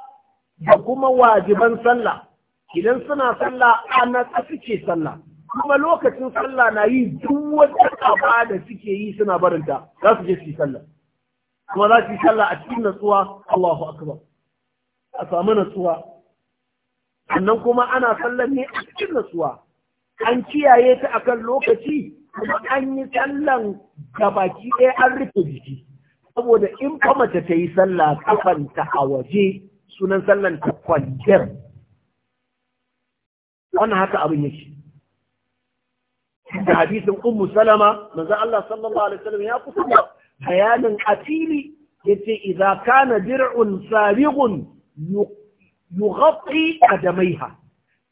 da kuma wajiban sallah idan suna sallah ana suke sallah kuma lokacin sallah na yi duk wata kaba da suke yi suna barinta za su je su yi sallah kuma za su yi sallah a cikin natsuwa Allahu akbar a samu natsuwa sannan kuma ana sallar ne a cikin natsuwa an kiyaye ta a kan lokaci kuma an yi sallan da baki ɗaya an rufe jiki saboda in fa mace ta yi sallah kafanta a waje sunan sallan ta kwanciyar wannan haka abin yake da hadisin ummu salama manzo Allah sallallahu alaihi wasallam ya kusa bayanin atili yace idza kana dir'un sabiqun yughatti qadamaiha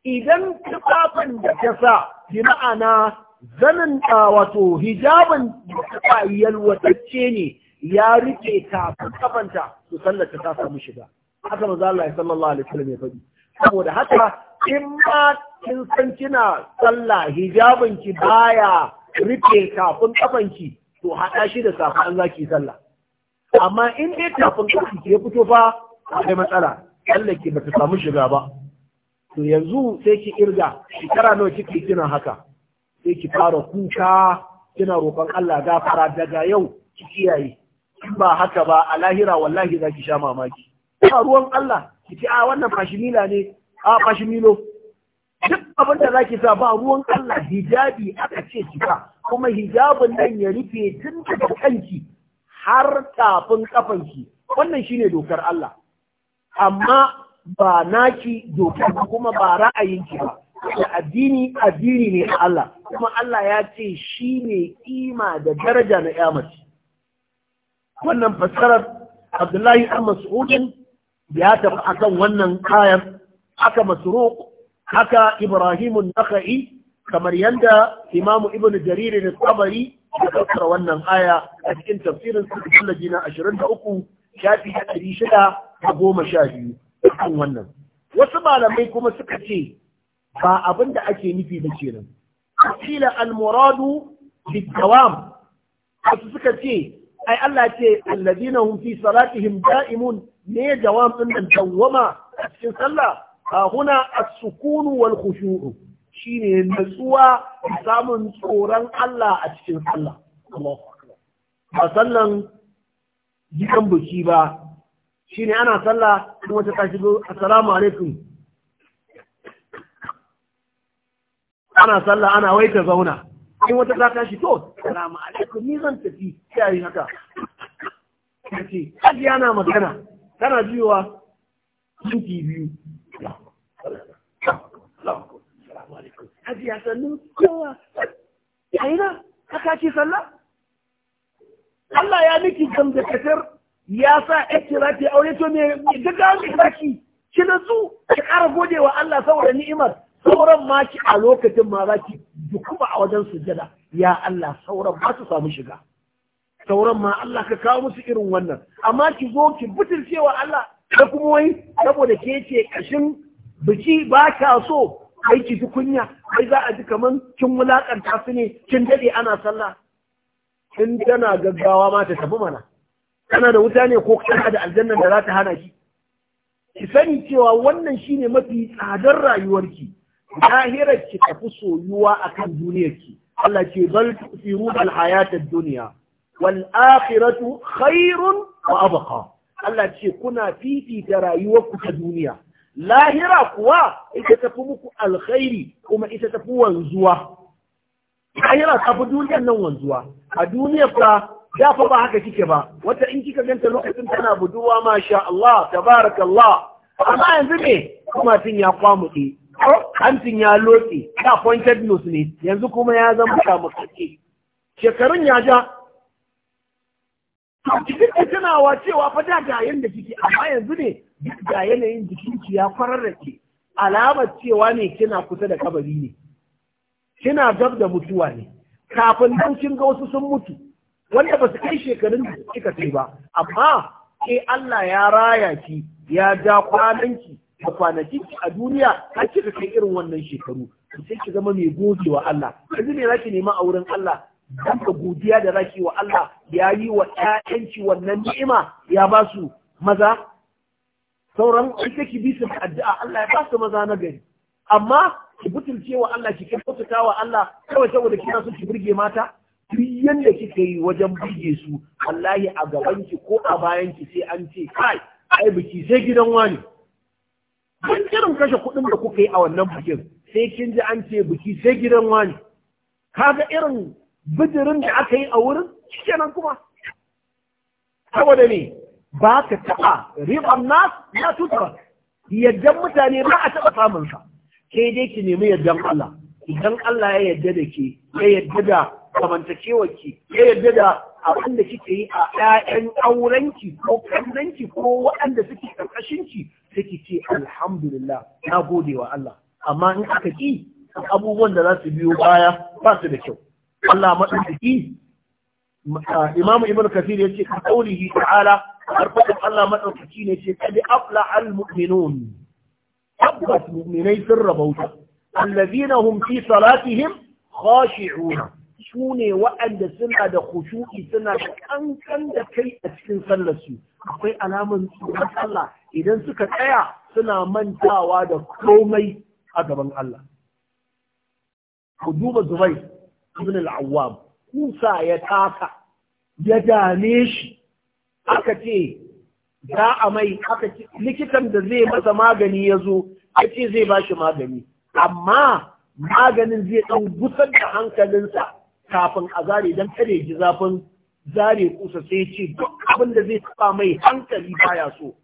idan tufafin da ta sa bi ma'ana zanin wato hijabin da ta sa yalwatacce ne ya rike kafin kafanta to sallata ta samu shiga haka manzo Allah sallallahu alaihi wasallam ya faɗi saboda haka in ma kin san kina sallah hijabin ki baya rufe kafin kafanki to haɗa shi da safan zaki sallah amma in dai kafin kafanki ya fito fa akwai matsala ki ba ta samu shiga ba to yanzu sai ki irga shekara nawa kike kina haka sai ki fara kuka kina roƙon Allah gafara daga yau ki kiyaye in ba haka ba a lahira wallahi za ki sha mamaki A ruwan Allah ki a wannan fashimila ne a fashimilo duk abin da za ki sa ba ruwan Allah hijabi aka ce ki ba kuma hijabin nan ya rufe tun daga kanki har tafin kafanki wannan shine dokar Allah amma ba naki doka kuma ba ra'ayinki ba da addini addini ne Allah kuma Allah ya ce shi ne kima da daraja na yamaci wannan fassarar Abdullahi ɗan Mas'udin ya tafi akan wannan kayan haka Masruq haka Ibrahimun Naka'i kamar yadda Imam Ibn Jarir da Tabari ya fassara wannan aya a cikin tafsirin sa na 23 shafi 600 a goma sha biyu kan wannan wasu malamai kuma suka ce ba abin da ake nufi da kenan kila almuradu muradu dawam wasu suka ce ai Allah ce alladina hum fi salatihim da'imun ne dawam din nan dawama a cikin sallah a huna as-sukunu wal khushu'u shine natsuwa samun tsoron Allah a cikin sallah Allahu akbar ba sallan gidan buki ba ne ana sallah kuma ta tashi go assalamu alaikum ana sallah ana wai ta zauna in wata ta tashi to assalamu alaikum ni zan tafi sai haka kace kaji ana magana tana jiwa minti biyu Haji sannu kowa, yayi na, haka ce sallah? Allah ya miki gamzakatar ya sa ake za ta yi aure to me ta ga mai zaki ki ki ƙara gode wa Allah saboda ni'imar sauran ma ki a lokacin ma za ki dukuma a wajen sujada ya Allah sauran ba su samu shiga sauran ma Allah ka kawo musu irin wannan amma ki zo ki wa Allah da kuma wai saboda ke ce ƙashin biki ba ka so aiki ji kunya kai za a ji kaman kin wulakanta su ne kin dade ana sallah Kin tana gaggawa ma ta tafi mana kana da wuta ne ko kana da aljannan da za ta hana shi ki sani cewa wannan shine mafi tsadar rayuwarki lahirar ki tafi soyuwa akan duniyarki Allah ce bal tu'thiruna al-hayata dunya wal akhiratu khairun wa abqa Allah ce kuna fifita rayuwarku ta duniya lahira kuwa ita tafi muku alkhairi kuma ita tafi wanzuwa lahira tafi duniyar nan wanzuwa a duniyar fa da fa ba haka kike ba wata in kika ganta lokacin tana buduwa masha Allah tabarakallah amma yanzu ne kuma tin ya kwamuke hantin ya lotse ya pointed nose ne yanzu kuma ya zama kamuke shekarun ya ja cikin da tunawa cewa fa da ga yanda kike amma yanzu ne ga yanayin jikinki ya ke. alamar cewa ne kina kusa da kabari ne kina gab da mutuwa ne kafin nan kin ga wasu sun mutu wanda ba su kai shekarun da kika kai ba amma sai Allah ya raya ki ya ja kwananki da kwanaki a duniya har kika kai irin wannan shekaru Ki sai ki zama mai wa Allah yanzu ne zaki nema a wurin Allah dan ka godiya da zaki wa Allah ya yi wa ƴaƴanki wannan ni'ima ya ba su maza sauran ita ki bi su addu'a Allah ya ba su maza na gari amma ki butulce wa Allah ki kai wa Allah kawai saboda kina so ki burge mata duk yadda kika yi wajen buge su wallahi a gabanki ko a bayanki sai an ce kai ai biki sai gidan wani ban irin kashe kuɗin da kuka yi a wannan bikin sai kin ji an ce biki sai gidan wani kaga irin bijirin da aka yi a wurin kenan kuma saboda ne ba ka taɓa riban nas na tutar yaddan mutane ba a taɓa samunsa sai dai ki nemi yaddan Allah idan Allah ya yadda da ke ya yadda da zamantakewarki ya yarda da abin da kike yi a ƴaƴan aurenki ko kannanki ko waɗanda suke ƙarƙashinki sai ki ce alhamdulillah na gode wa Allah amma in aka ki abubuwan da za su biyo baya ba su da kyau Allah maɗaukaki Imam Ibn Kathir ya ce ka kaulihi ta'ala harfatin Allah maɗaukaki ne ce kadi afla al-mu'minun tabbas mu'minai sun rabauta allazina hum fi salatihim khashi'una su ne wa'anda suna da khushu'i suna da kankan da kai a cikin sallarsu akwai alamun tsoron Allah idan suka tsaya suna mantawa da komai a gaban Allah ku duba Zubai ibn al-Awwam kusa ya taka ya dame shi aka ce za a mai aka ce likitan da zai masa magani ya zo ya ce zai ba shi magani amma maganin zai ɗan gusar da hankalinsa kafin a zare don kare ji zafin zare kusa sai ce duk abin da zai taba mai hankali baya so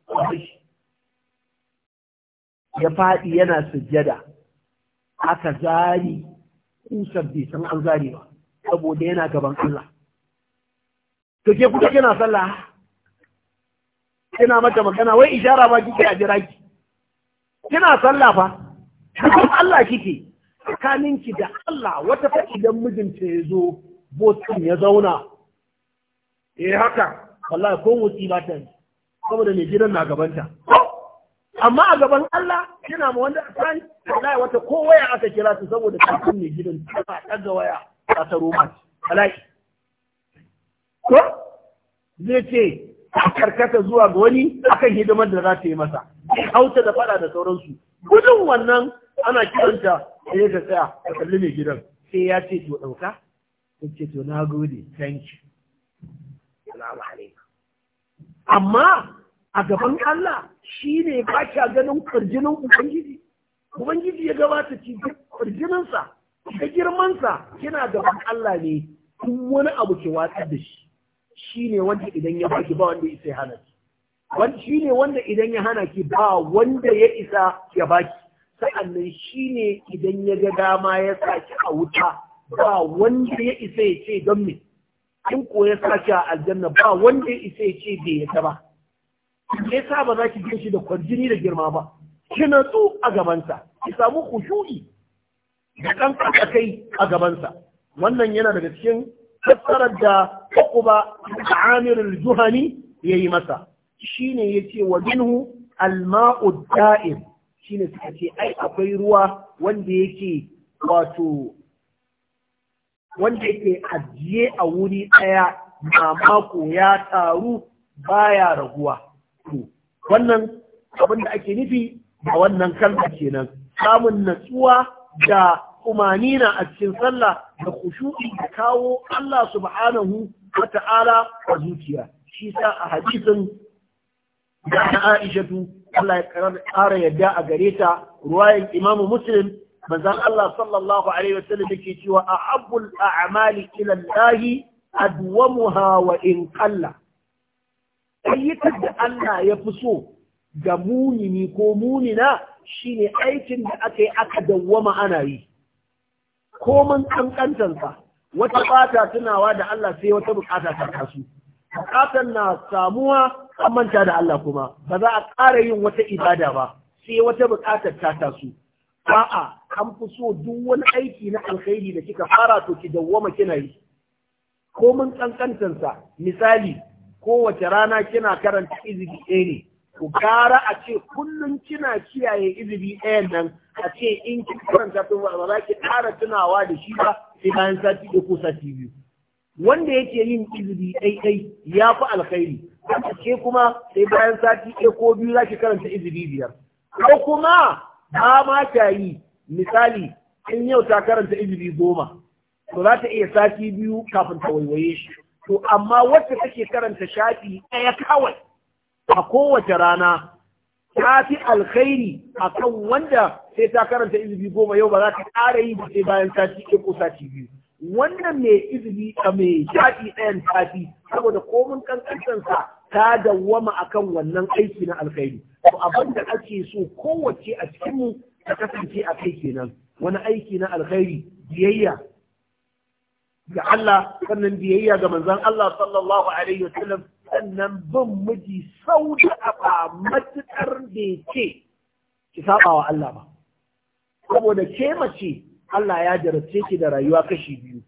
ya faɗi yana sujjada aka zari kusa bai san an zare ba saboda yana gaban Allah to ke kuka kina sallah kina mata magana wai ishara ba kike a jira ki kina sallah fa kuma Allah kike tsakaninki da Allah wata faɗi don mijinta ya zo botin ya zauna eh haka wallahi ko motsi ba ta saboda mai gidan na gabanta amma a gaban Allah yana ma wanda asali wallahi wata ko waya aka kira su saboda kafin mai gidan ta daga waya ta ta roma wallahi ko zai ce karkata zuwa ga wani akan hidimar da za ta yi masa hauta da fada da sauransu gudun wannan ana kiranta sai ya tsaya a kalli mai gidan sai ya ce to ɗauka ya ce to na gode thank you salamu alaikum amma a gaban Allah shi ne ba kya ganin kwarjinin Ubangiji. Ubangiji ya gabata ci kwarjininsa da girmansa kina gaban Allah ne duk wani abu ke watsar da shi. Shi ne wanda idan ya baki ba wanda isa ya hana ki. Shi ne wanda idan ya hana ki ba wanda ya isa ya baki. shi ne idan ya ga dama ya saki a wuta ba wanda ya isa ya ce don me in ko ya saki a aljanna ba wanda ya isa ya ce bai yadda ba me yasa ba za ki gan shi da kwarjini da girma ba ki natsu a gabansa ki samu khushu'i da kan kai a gabansa wannan yana daga cikin fassarar da ba da al-Juhani ya yi masa shi ya yace wa minhu al maud da'im shine suka ce ai akwai ruwa wanda yake wato wanda yake ajiye a wuri ɗaya mako ya taru baya raguwa wannan abin da ake nufi da wannan kalma kenan samun natsuwa da umanina a cikin sallah da kushu'i da kawo Allah subhanahu wa ta'ala a zuciya shi sa a hadisin da na Aisha Allah ya ƙara yadda a gare ta ruwayan Imam Muslim manzan Allah sallallahu alaihi wasallam yake cewa ahabbul a'mali ila Allah adwamuha wa in qalla ayyukan da Allah ya fi so ga munini ko munina shine aikin da aka yi aka dawwama ana yi Komai kankantansa wata bata tunawa da Allah sai wata bukata ta kasu bukatar na samuwa a manta da Allah kuma ba za a ƙara yin wata ibada ba sai wata bukatar ta taso a'a an fi so duk wani aiki na alkhairi da kika fara to ki dawwama kina yi ko mun sa, misali kowace rana kina karanta izibi ɗaya ne ku gara a ce kullum kina kiyaye izibi ɗayan nan a ce in kika karanta to ba za ki ƙara tunawa da shi ba sai bayan sati ɗaya ko sati biyu wanda yake yin izini ɗaiɗai ya fi alkhairi ke kuma sai bayan sati ɗaya ko biyu za ki karanta izini biyar ko kuma ba ma ta yi misali in yau ta karanta izini goma to za ta iya sati biyu kafin ta waiwaye shi to amma wacce take karanta shafi ɗaya kawai a kowace rana ta fi alkhairi a kan wanda sai ta karanta izini goma yau ba za ta ƙara yi ba sai bayan sati ɗaya ko sati biyu wannan mai izini a mai shaɗi ɗayan tafi saboda komin sa ta dawwama akan wannan aiki na alkhairi to abin da ake so kowace a cikin mu ta kasance a kai kenan wani aiki na alkhairi biyayya ga Allah sannan biyayya ga manzon Allah sallallahu alaihi wasallam sannan bin miji sau da aba matuƙar da ke ki saba Allah ba saboda ke mace Allah ya jarabce ki da rayuwa kashi biyu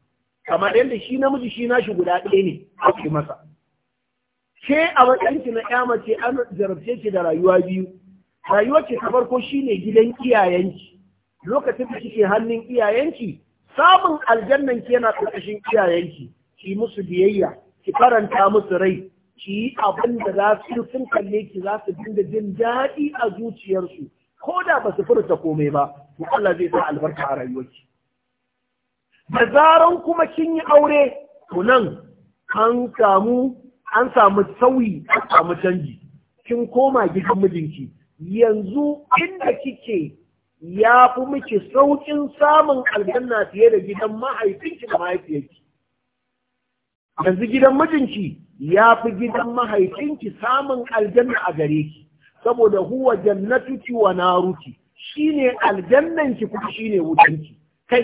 kamar yadda shi namiji shi nashi guda ɗaya ne ke masa ke a matsayin na 'ya mace an jarabce ki da rayuwa biyu rayuwar ki ta farko shine gidan iyayenki lokacin da kike hannun iyayenki samun aljannan ki yana ƙarƙashin iyayenki ki musu biyayya ki faranta musu rai ki yi abin da za su sun kalle ki za su dinga jin daɗi a zuciyarsu ko da ba su furta komai ba to Allah zai sa albarka a rayuwarki da zaran kuma kin yi aure to nan an samu an samu sauyi a samu canji kin koma gidan mijinki yanzu inda kike ya fi miki saukin samun aljanna fiye da gidan mahaifinki da mahaifiyarki yanzu gidan mijinki ya fi gidan mahaifinki samun aljanna a gare ki saboda huwa jannatuki wa naruki shine aljannan ki kuma shine wutan ki kai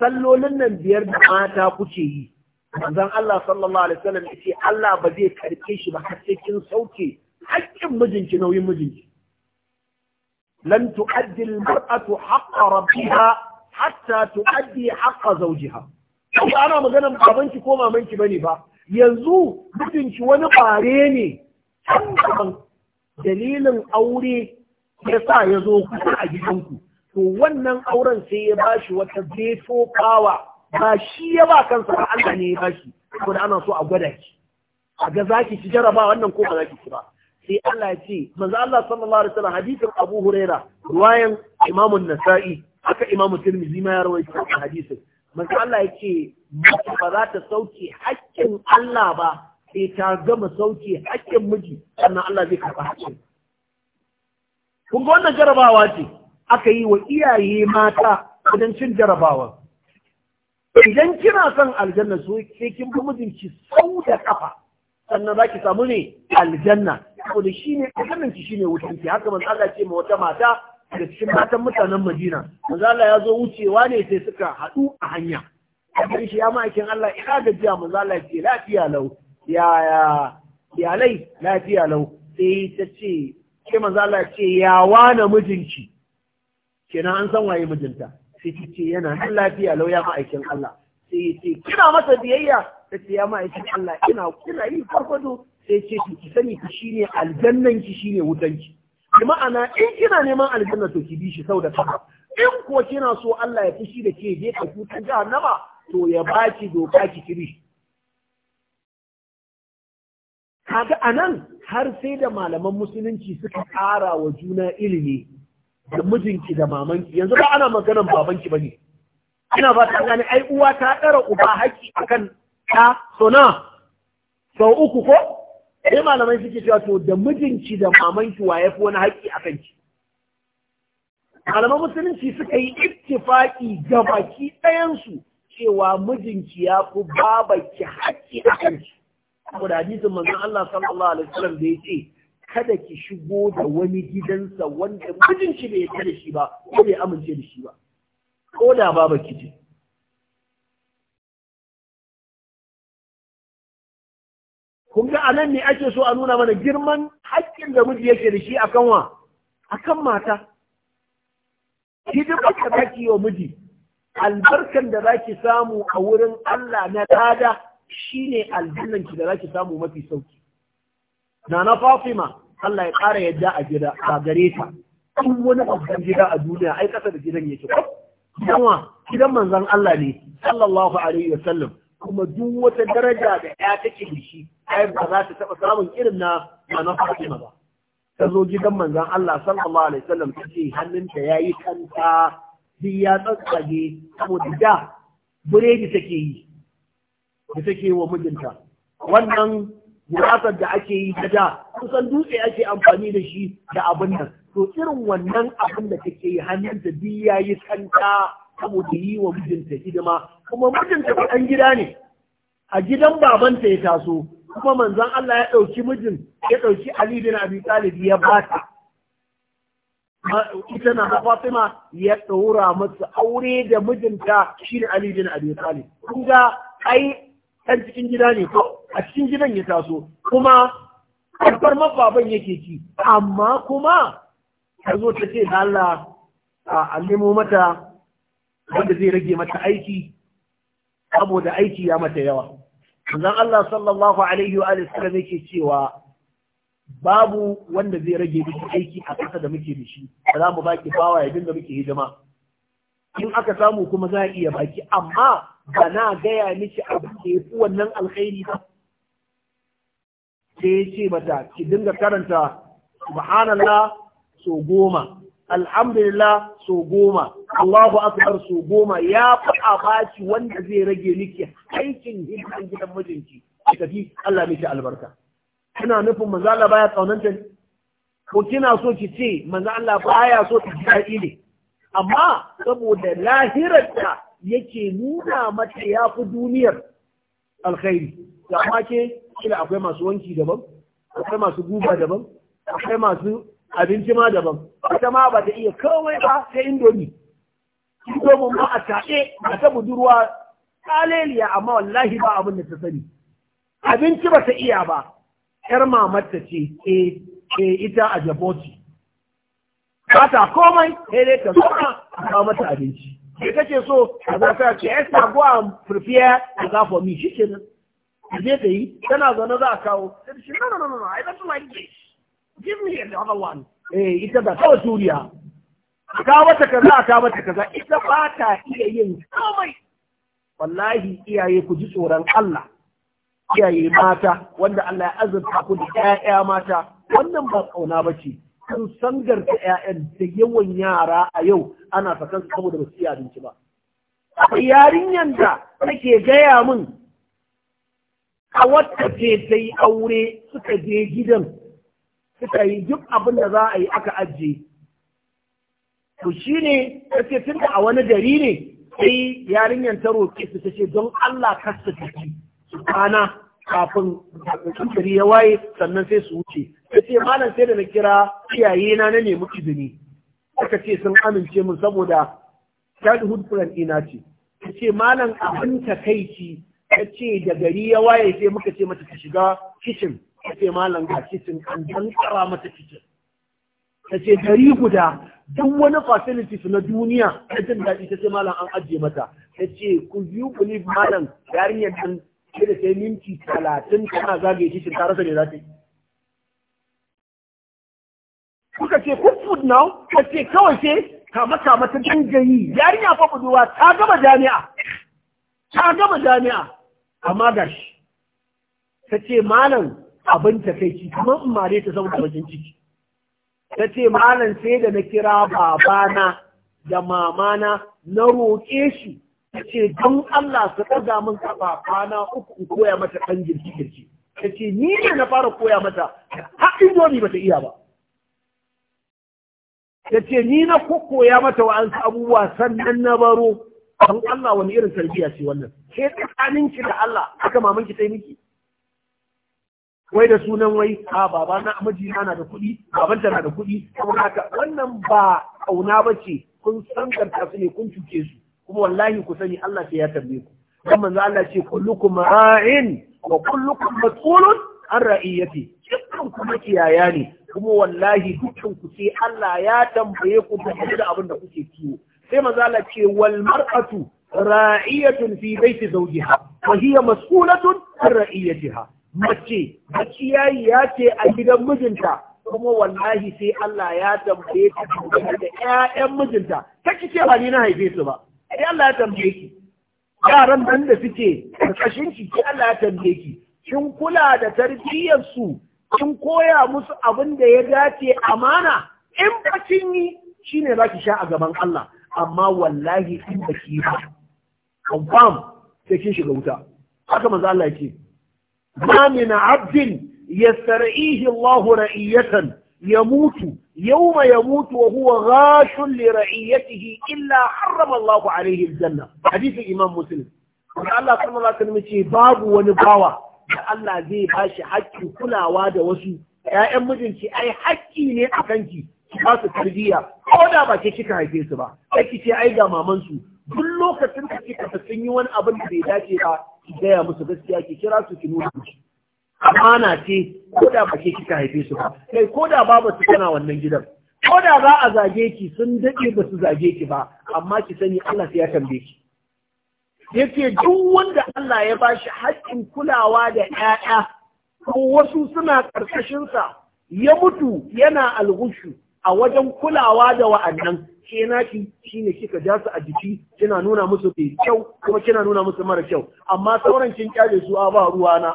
sallolin nan biyar da mata kuke yi manzon Allah sallallahu alaihi wasallam yace Allah ba zai karke shi ba har sai kin sauke hakkin mijinki nauyin mijinki lan tu'addi al-mar'atu haqqa rabbiha hatta tu'addi haqqa zawjiha ba ana maganar babanki ko mamanki bane ba yanzu mijinki wani bare ne can dalilin aure ya sa ya zo kusa a gidanku to wannan auren sai ya ba shi wata beto kawa ba shi ya ba kansa ba Allah ne ya bashi da ana so a gwada ki a ga zaki ci jaraba wannan ko ba zaki ci ba sai Allah ya ce manzo Allah sallallahu alaihi wasallam hadisin Abu Huraira ruwayan Imam nasai haka Imam Tirmidhi ma ya rawaita hadisin manzo Allah ya ce ba za ta sauke haƙƙin Allah ba sai ta gama sauke haƙƙin miji sannan Allah zai karɓa hakkin kun ga wannan jarabawa ce aka yi wa iyaye mata wajen cin jarabawa idan kina son aljanna so ke kin bi mijinki sau da kafa sannan za ki samu ne aljanna saboda shi ne aljannan ki shine wutan ki haka man Allah ce ma wata mata da cikin matan mutanen Madina manzo ya zo wucewa ne sai suka haɗu a hanya kan shi ya ma'aikin Allah ina gajiya manzo Allah ce lafiya lau ya ya iyalai lafiya lau sai ta ce sai manzo Allah ce ya wana mijinki kenan an san waye mijinta sai ki ce yana nan lafiya lauya ya ma'aikin Allah sai ya ce kina masa biyayya ta ce ya ma'aikin Allah kina kina yi farfado sai ce ki sani ki shine aljannan ki shine wutan ki bi ma'ana in kina neman aljanna to ki bi shi sau da kafa in ko kina so Allah ya fushi da ke je ka kutan jahannama to ya baki doka ki kiri kaga anan har sai da malaman musulunci suka ƙara wa juna ilimi da mijinki da mamanki yanzu ba ana maganan babanki bane ina ba ta gane ai uwa ta ɗara uba haƙƙi akan ta sona sau uku ko sai malamai suke cewa to da mijinki da mamanki wa yafi wani haƙƙi akan ki malaman musulunci suka yi ittifaki gabaki ɗayansu cewa mijinki ya fi babanki haƙƙi akan ki saboda hadisin manzon Allah sallallahu alaihi wasallam da kada ki shigo da wani gidansa wanda mijin bai yarda da shi ba ko bai amince da shi ba ko da baba ki kun ga anan ne ake so a nuna mana girman haƙƙin da miji yake da shi akan wa akan mata hidimar da zaki yi wa miji albarkan da zaki samu a wurin Allah na tada Shi aljannan ki da za ki samu mafi sauki Na Fatima Allah ya ƙara yadda a gida a gare ta duk wani abin gida a duniya ai ƙasa da gidan yake yawa gidan manzan Allah ne sallallahu alaihi wasallam kuma duk wata daraja da ya take da shi ai ba za ta taɓa samun irin na nana Fafima ba ta zo gidan manzan Allah sallallahu alaihi wasallam ta ce hannunta yayi kanta duk ya tsatsage saboda da buredi take yi da take wa mijinta wannan gurasar da ake yi ta da kusan dutse ake amfani da shi da abin nan to irin wannan abin da take yi hannunta da bi ya yi tsanta saboda yi wa mijinta hidima kuma mijinta ɗan gida ne a gidan babanta ya taso kuma manzon Allah ya ɗauki mijin ya ɗauki Ali bin Abi Talib ya bata ita na Fatima ya ɗora masa aure da mijinta ne Ali bin Abi Talib kun ga ai ɗan cikin gida ne ko a cikin gidan ya taso kuma karfar mababan yake ci amma kuma ta zo ta ce da Allah a nemo mata wanda zai rage mata aiki saboda aiki ya mata yawa zan Allah sallallahu alaihi wa sallam yake cewa babu wanda zai rage miki aiki a ƙasa da muke da shi ba za mu baki bawa ya dinga muke hidima in aka samu kuma za a iya baki amma ba na gaya miki abu. Ke wannan alkhairi ba sai ya ce mata ki dinga karanta subhanallah so goma alhamdulillah so goma Allahu akbar so goma ya faɗa baci wanda zai rage miki aikin hidan gidan mijinki ki tafi Allah miki albarka kina nufin manzo Allah baya tsaunanta ko kina so ki ce manzo Allah baya so ki ji daɗi ne amma saboda lahirar yake nuna mata ya fi duniyar alkhairi da amma ke kila akwai masu wanki daban akwai masu guba daban akwai masu abinci ma daban ita ma ba ta iya kawai ba ta indomi indomin ma a taɗe ba ta budurwa kaleliya amma wallahi ba abin da ta sani abinci ba ta iya ba yar mamata ce e ita a jaboti ba ta komai sai dai ta zama a kawo mata abinci me kake so a za a ce esta go and prepare a za for me shi kenan zai ta yi tana zaune za a kawo sai ce no no no I don't like this give me the other one eh ita da kawai turiya a kawo mata kaza a kawo mata kaza ita ba ta iya yin komai wallahi iyaye ku ji tsoron Allah iyaye mata wanda Allah ya azurta ku da ƴaƴa mata wannan ba kauna bace. sangar da 'ya'yan da yawan yara a yau ana sakan saboda ba su iya abinci ba yarinyar da take gaya min a wata ce ta yi aure suka je gidan suka yi duk abin da za a yi aka ajiye to shi ne ta ce tun a wani gari ne sai yarinyar ta roƙe su ta ce don Allah kasta ta su kwana kafin gari ya waye sannan sai su wuce ya ce malam sai da na kira iyaye na na nemi izini aka ce sun amince mun saboda childhood friend ina ce ya ce malam abin takaici ya ce da gari ya waye sai muka ce mata ta shiga kishin ya ce malam ga kishin an tsara mata kishin ta ce gari guda duk wani su na duniya ta jin daɗi ta ce malam an ajiye mata ta ce ku yi believe malam yarinyar nan sai da sai minti talatin tana zagaye titin shi rasa ne za ta yi kuka ce cook food now ka ce kawai ce kama kama ta dinga yi yarinya fa buduwa ta gama jami'a ta gama jami'a amma gashi ta ce malam abin ta kai ci kuma in mare ta saboda bakin ciki ta ce malam sai da na kira babana da mamana na roƙe shi ta ce don Allah su ɗaga min kafa na uku in koya mata ɗan girki girki ta ce ni ne na fara koya mata har ba bata iya ba ta ce ni na koya mata wa'ansu abubuwa sannan na baro don Allah wani irin tarbiyya ce wannan ke tsakanin ki da Allah aka maman ki sai miki wai da sunan wai a baba na mijina na da kuɗi babanta na da kuɗi kuma haka wannan ba ƙauna ba ce kun san su ne kun cuce su kuma wallahi ku sani Allah sai ya tambaye ku dan manzo Allah ce kullukum ra'in wa kullukum mas'ulun an ra'iyati dukkan ku makiyaya ne kuma wallahi dukkan ku sai Allah ya tambaye ku da abin da kuke kiwo sai manzo Allah ce wal mar'atu ra'iyatun fi baiti zawjiha wa hiya mas'ulatun an ra'iyatiha mace makiyayiya ce a gidan mijinta kuma wallahi sai Allah ya tambaye ta da ƴaƴan mijinta ta ce ba ni na haife su ba sai Allah ya tambaye ki yaran nan da suke kashin ki sai Allah ya tambaye ki kin kula da tarbiyyar su kin koya musu abin da ya dace amana in ba kin yi shine za ki sha a gaban Allah amma wallahi in ba ki ba confirm sai kin shiga wuta haka manzo Allah yake ma min abdin yastar'ihi Allah ra'iyatan yamutu yauma ya mutu wa huwa ghashun ya ciki illa harrama Allah alayhi al-janna hadithin imam muslim dan Allah sallallahu alaihi wasallam ce babu wani bawa da Allah zai bashi haƙƙin kulawa da wasu ƴaƴan mijinki ai haƙƙi ne a kanki ba su tarbiyya ko da ba kika haife su ba kike ce ai ga mamansu. su duk lokacin da kika sun yi wani abin da bai dace ba ki gaya musu gaskiya ki kira su ki nuna musu amana ce ko da ba ke kika haife su ba kai ko da babu su kana wannan gidan ko da za a zage ki sun dade ba su zage ki ba amma ki sani Allah sai ya tambaye ki yace duk wanda Allah ya bashi haƙƙin kulawa da ƴaƴa ko wasu suna karkashin sa ya mutu yana algushu a wajen kulawa da wa'annan ke ki shine kika ja su a jiki kina nuna musu kyau kuma kina nuna musu mara kyau amma sauran kin kyale su a ba na.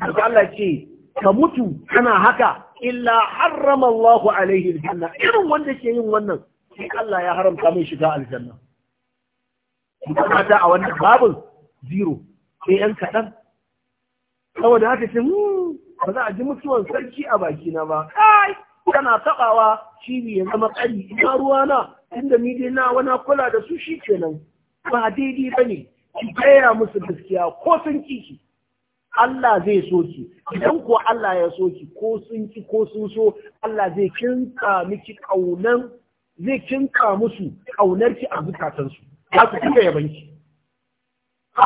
Haka Allah ce, ka mutu kana haka, illa Allah Allahu alaihi aljanna irin wanda ke yin wannan, sai Allah ya haramta mai shiga aljanna. Mata a wannan babin zero, sai ‘yan kaɗan. Saboda haka ce, hmm, ba za a ji mutuwan sarki a bakina ba, kai, kana taɓawa ne ya zama ƙari, ina ruwa na? inda ni dai na wana kula da su shi kenan, ba daidai ba ne, ki gaya musu gaskiya ko sun kiki. Allah zai so ki idan ko Allah ya so ki ko sun ki ko sun so Allah zai kinka miki kaunan zai kinka musu kaunar ki a zukatansu za su kika yaban ki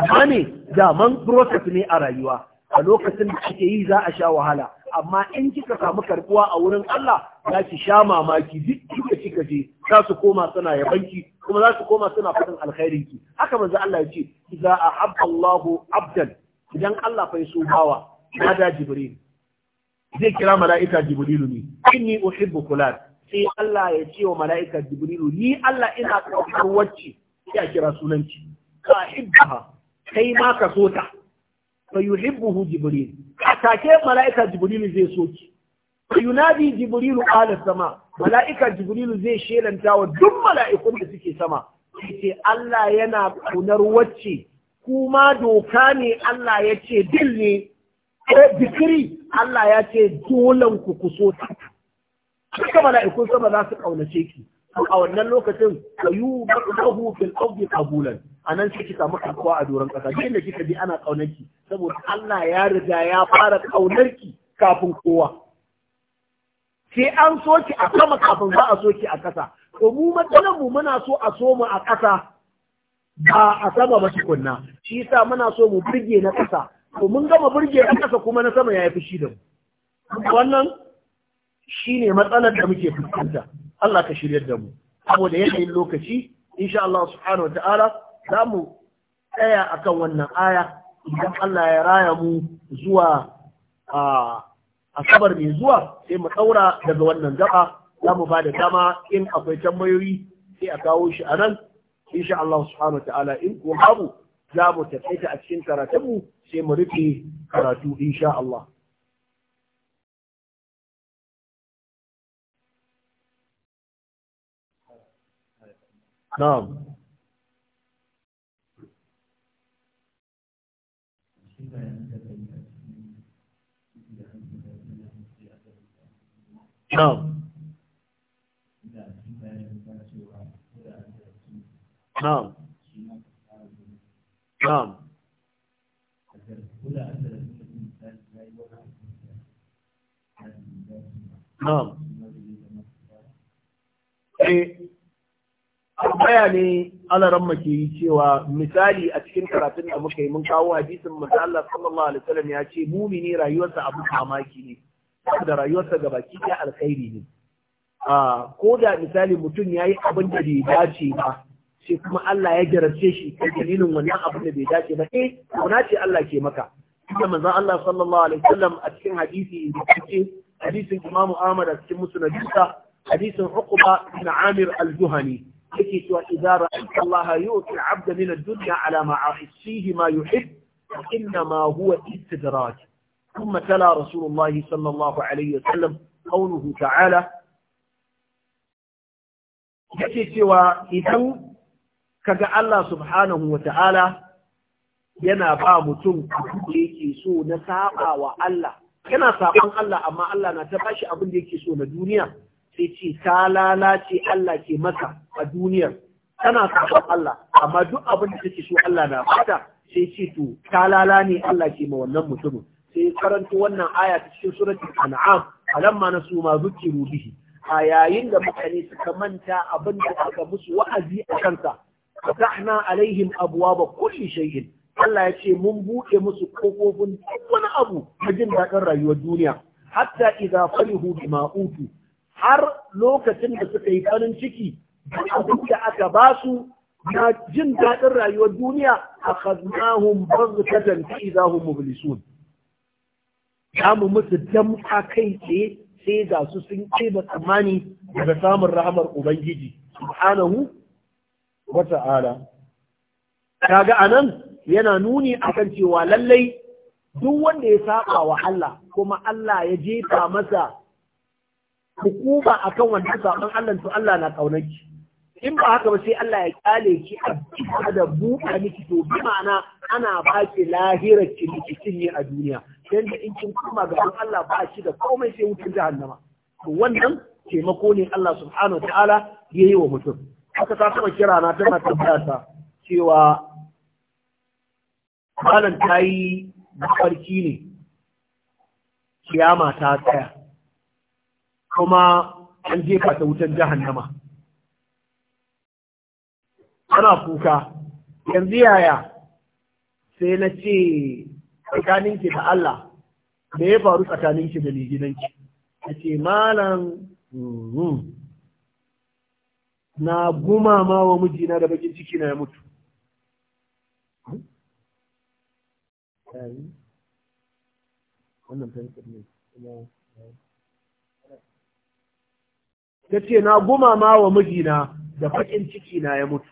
amma ne daman process ne a rayuwa a lokacin da kike yi za a sha wahala amma in kika samu karbuwa a wurin Allah za ki sha mamaki duk kika je za su koma suna ki, kuma za su koma suna fadin alkhairin ki haka manzo Allah ya ce idza ahabba Allahu abdan idan Allah fa yaso bawa da jibril zai kira mala'ika Jibril ne inni uhibbu kulat sai Allah ya ce wa mala'ika Jibril, ni Allah ina kaunar wacce ya kira sunanci ka hibbaha kai ma ka so ta fa yuhibbu jibril take mala'ika Jibril zai so ki yunadi Jibril ala sama mala'ika Jibril zai shelanta wa duk mala'ikun da suke sama sai Allah yana kunar wacce kuma doka ne Allah ya ce din ne ko Allah ya ce dolan ku kuso ta duka mala'ikun sama za su ƙaunace ki a wannan lokacin kayu lahu fil ƙabulan, a nan sai ki samu karkuwa a doron ƙasa. duk da kika bi ana ki? saboda Allah ya riga ya fara kaunarki kafin kowa sai an so ki a sama kafin za a so ki a ƙasa? to mu matsalar mu muna so a so mu a ƙasa? ba a sama ba tukunna shi yasa muna so mu burge na ƙasa to mun gama burge na ƙasa kuma na sama ya fi shi da mu wannan shine matsalar da muke fuskanta Allah ka shirya da mu saboda yanayin lokaci insha Allah subhanahu wataala za mu tsaya akan wannan aya idan Allah ya raya mu zuwa a asabar mai zuwa sai mu daura daga wannan gaba za mu ba da dama in akwai tambayoyi sai a kawo shi a nan إن شاء الله سبحانه وتعالى إن حبو زابو تبحيث أكسين كراتبو سيمرفي كراتو إن شاء الله نعم نعم na'am na'am na'am eh baya ne ke yi cewa misali a cikin karatun da muka yi mun kawo hadisin manzo Allah sallallahu alaihi wasallam ya ce mumini rayuwarsa abu kamaki ne da rayuwarsa ga baki ɗaya alkhairi ne a ko da misali mutum yayi abin da bai dace ba sai kuma Allah ya jarabce shi ta dalilin wannan abin da bai dace ba eh kauna ce Allah ke maka kuma manzo Allah sallallahu alaihi wasallam a cikin hadisi ce hadisin Imam Ahmad a cikin musnadinsa hadisin Uqba bin Amir al-Juhani yake cewa idza ra'aita Allah yu'ti 'abda min ad-dunya 'ala ma ahsihi ma yuhib innama huwa istidraj ثم تلا رسول الله صلى الله عليه وسلم قوله تعالى yake cewa idan kaga Allah subhanahu wa ta'ala yana ba mutum abin da yake so na saba wa Allah yana saban Allah amma Allah na ta bashi abin da yake so na duniya sai ce ta lalace Allah ke masa a duniyar tana saban Allah amma duk abin da take so Allah na fata sai ce to ta lalane Allah ke ma wannan mutumin sai karanta wannan aya ta cikin suratul an'am alamma nasu ma zukiru bihi a yayin da mutane suka manta abin da aka musu wa'azi a kansa fatahna alaihim abwaba kulli shay'in Allah ya ce mun buɗe musu ƙofofin duk wani abu na jin daɗin rayuwar duniya hatta idza falihu bima har lokacin da suka yi farin ciki duk da aka ba su na jin daɗin rayuwar duniya akhadnahum baghtatan fa idza hum mublisun mu musu damta kai tsaye sai ga su sun kai da tsammani daga samun rahamar ubangiji subhanahu Wata'ala kaga anan yana nuni akan cewa lallai duk wanda ya saba wa Allah kuma Allah ya jefa masa hukuma akan wannan saban Allah to Allah na kaunarki in ba haka ba sai Allah ya kale ki a bisa da buɗa miki to bi ma'ana ana ba ki lahirar ki miki ne a duniya dan da in kin koma ga Allah ba shi da komai sai wutar jahannama to wannan taimako ne Allah subhanahu wa ta'ala yayi wa mutum haka ta taɓa kira na tana tabbata cewa malam ta yi mafarki ne kiyama ta tsaya kuma an jefa ta wutan jahannama ana kuka yanzu yaya sai na ce tsakaninki da Allah da ya faru tsakaninki da mai gidanki a ce malam mm-hmm. na gumama wa mijina da bakin ciki na ya mutu ta ce na gumama wa mijina da bakin ciki na ya mutu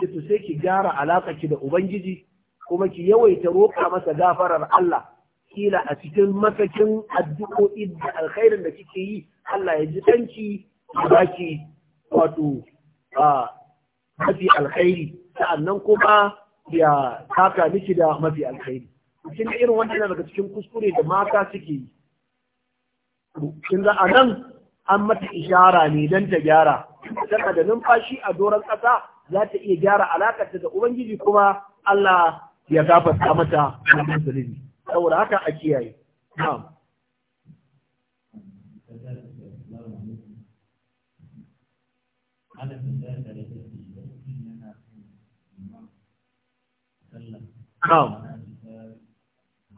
ki sai ki gyara alaƙa ki da ubangiji kuma ki yawaita roƙa masa gafarar Allah kila a cikin masakin addu'o'i da alkhairin da kike yi Allah ya ji danki ba ki wato a mafi alkhairi sa'annan kuma ya taka miki da mafi alkhairi cikin irin wannan daga cikin kuskure da mata suke yi kin nan an mata ishara ne dan ta gyara tana da numfashi a doron ƙasa za ta iya gyara alakarta da ubangiji kuma Allah ya gafarta mata wannan zulubi saboda haka a kiyaye na'am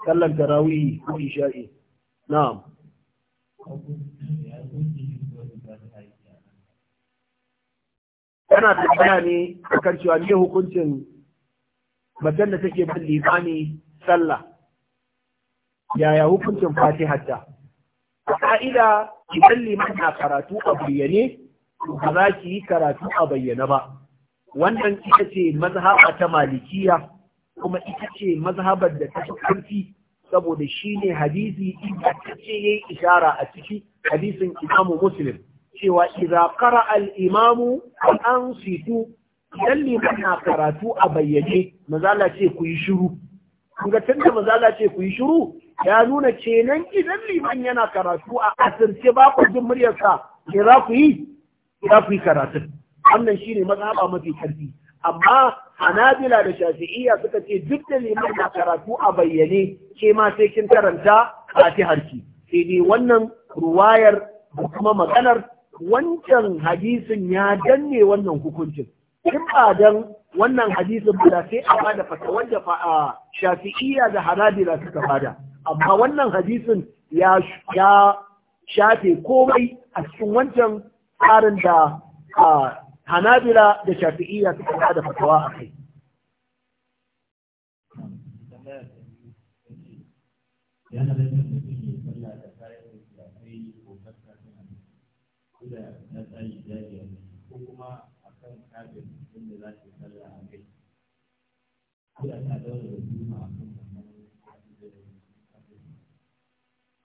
sallan tarawih ko isha'i yana tafiya ne akan cewa me hukuncin macen da take bin limani sallah yaya hukuncin fatihatta a ka'ida idan liman na karatu a bayyane ba za ki yi karatu a bayyana ba wannan ita ce mazhaba ta malikiya kuma ita ce mazhabar da ta karfi saboda shi ne hadisi inda ta ce yi ishara a ciki hadisin imamu muslim cewa idza qara al imamu an situ idan liman na karatu a bayyane mazala ce ku yi shiru ga tunda mazala ce ku yi shiru ya nuna kenan idan liman yana karatu a asirce ba ku jin muryarsa ke za ku yi za ku yi karatun wannan ne matsaba mafi karfi amma hanabila da shafi'iyya suka ce duk da liman na karatu a bayyane ke ma sai kin karanta harki. sai dai wannan ruwayar da kuma maganar wancan hadisin ya danne wannan hukuncin in ba dan wannan hadisin ba sai a bada fata wanda shafi'iyya da hanabila suka bada amma wannan hadisin ya shafe komai a cikin wancan tsarin da hanabila da shafi'iyya suka ba da fatawa a kai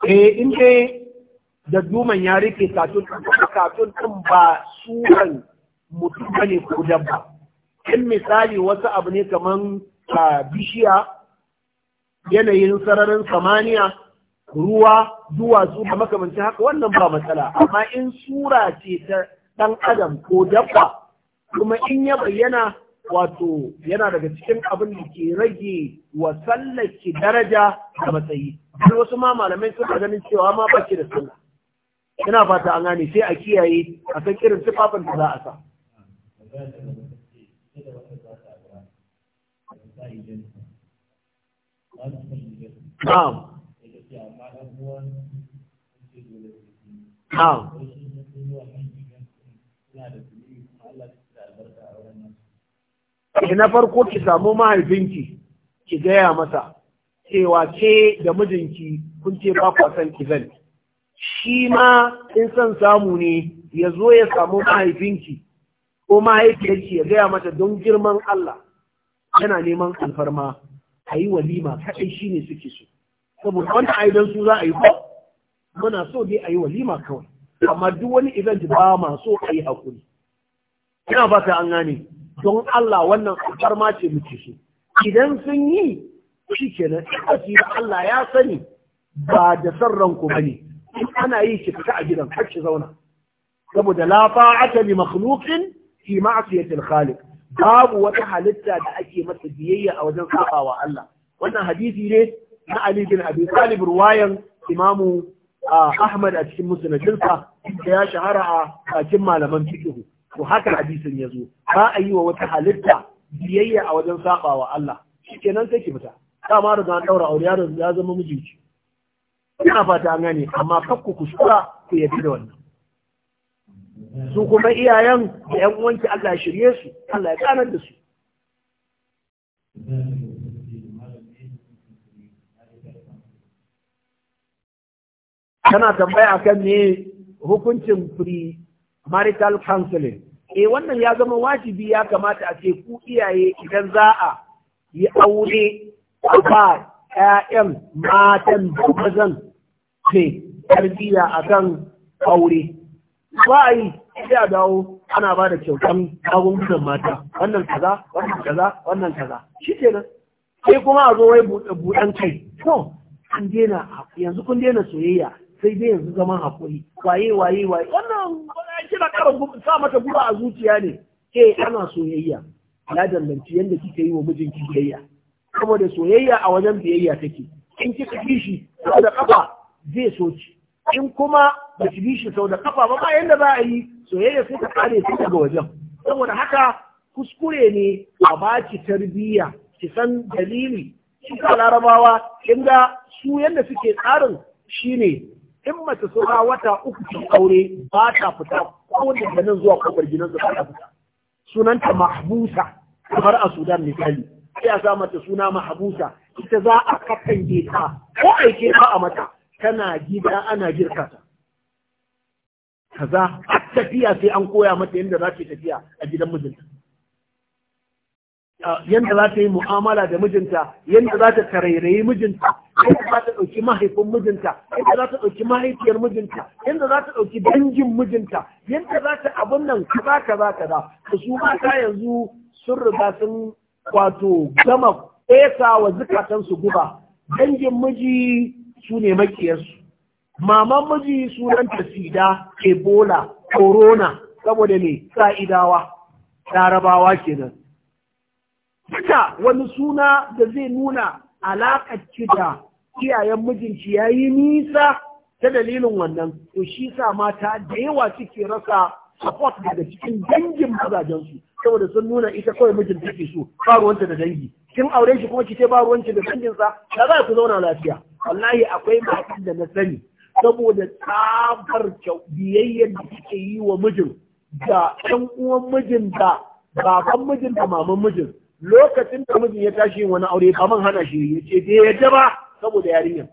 Eh, in da duman ya rike katun ɗin ba suran mutum ba ne ko dabba in misali wasu abu ne kamar bishiya yanayin sararin samaniya ruwa duwatsu da makamancin haka wannan ba matsala amma in sura ce ta ɗan adam ko dabba kuma in ya bayyana wato yana daga cikin abin da ke rage wa sallake daraja da matsayi wasu ma malamai suna ganin cewa ma ba da sallah ina fata an gane sai a kiyaye a san irin tufafin da za a sa Na'am. Na'am. na farko ki samu mahaifinki ki gaya masa cewa ce da mijinki kun ce ba kwasan ki zan shi ma in son samu ne ya zo ya samu mahaifinki ko mahaifiyarki ya gaya mata don girman Allah yana neman alfarma a yi walima kaɗai shi ne suke so saboda wani aidan su za a yi ko muna so dai a yi walima kawai amma duk wani event ba ma so a yi haƙuri. ina ba ta an gane don Allah wannan alfarma ce muke so idan sun yi shi kenan Allah ya sani ba da ranku ba ne in ana yi ki fita a gidan har ki zauna saboda la ta'ata li makhluqin fi ma'siyatil khaliq babu wata halitta da ake masa biyayya a wajen sabawa Allah wannan hadisi ne na Ali bin Abi Talib ruwayan Imam Ahmad a cikin musnadinsa da ya shahara a cikin malaman fiqh to haka hadisin yazo ba a yi wa wata halitta biyayya a wajen sabawa Allah shikenan sai ki fita dama riga an daura aure ya zama mijinki ina fata an gane amma kakku kuskura ku yabi da wannan su kuma iyayen da yan uwanki Allah ya shirye su Allah ya kanar da su kana tambaya akan ne hukuncin free marital counseling eh wannan ya zama wajibi ya kamata a ce ku iyaye idan za a yi aure a ƴaƴan matan da mazan ke tarbiyya kan aure ba a yi sai dawo ana ba da kyautan gudun mata wannan kaza wannan kaza wannan kaza shi kenan sai kuma a zo wai buɗan kai to an daina yanzu kun daina soyayya sai dai yanzu zaman haƙuri waye waye waye wannan kina ƙara sa mata guba a zuciya ne eh ana soyayya ya danganci yadda kika yi wa mijinki biyayya saboda soyayya a wajen biyayya take in kika bi shi sau da kafa zai so ci in kuma ba ki bi shi sau da kafa ba bayan da za a yi soyayya sai ta kare sai daga wajen saboda haka kuskure ne a baki tarbiyya ki san dalili ka larabawa inda su yadda suke tsarin shine in mace suna wata uku cikin aure ba ta fita ko da nan zuwa kofar gidan su ba ta fita sunanta mahbusa kamar a sudan misali sai a sa mata suna mahabusa ita za a kafan ta ko aike ba a mata tana gida ana girka ta kaza a tafiya sai an koya mata yadda za ta tafiya a gidan mijinta ah, yadda za ta yi mu'amala da mijinta yadda za ta tarairayi mijinta yadda za ta ɗauki mahaifin mijinta yadda za ta ɗauki mahaifiyar mijinta yadda za ta ɗauki dangin mijinta yadda za ta abin nan kaza kaza kaza su ta yanzu sun riga sun wato gama ƙesa wa zukatansu guba dangin miji su ne makiyarsu maman miji sunanta sida ebola corona saboda ne sa'idawa larabawa kenan duka wani suna da zai nuna alaƙar da iyayen mijinci ya yi nisa ta dalilin wannan to shi sa mata da yawa suke rasa support daga cikin dangin mazajensu saboda sun nuna ita kawai mijin take so ba ruwanta da dangi kin aure shi kuma kike ba ruwanta da danginsa da za ku zauna lafiya wallahi akwai matan da na sani saboda tsabar biyayyar da kike yi wa mijin da ɗan uwan mijin da baban mijin da maman mijin lokacin da mijin ya tashi yin wani aure kaman hana shi ya ce da yadda ba saboda yarinyar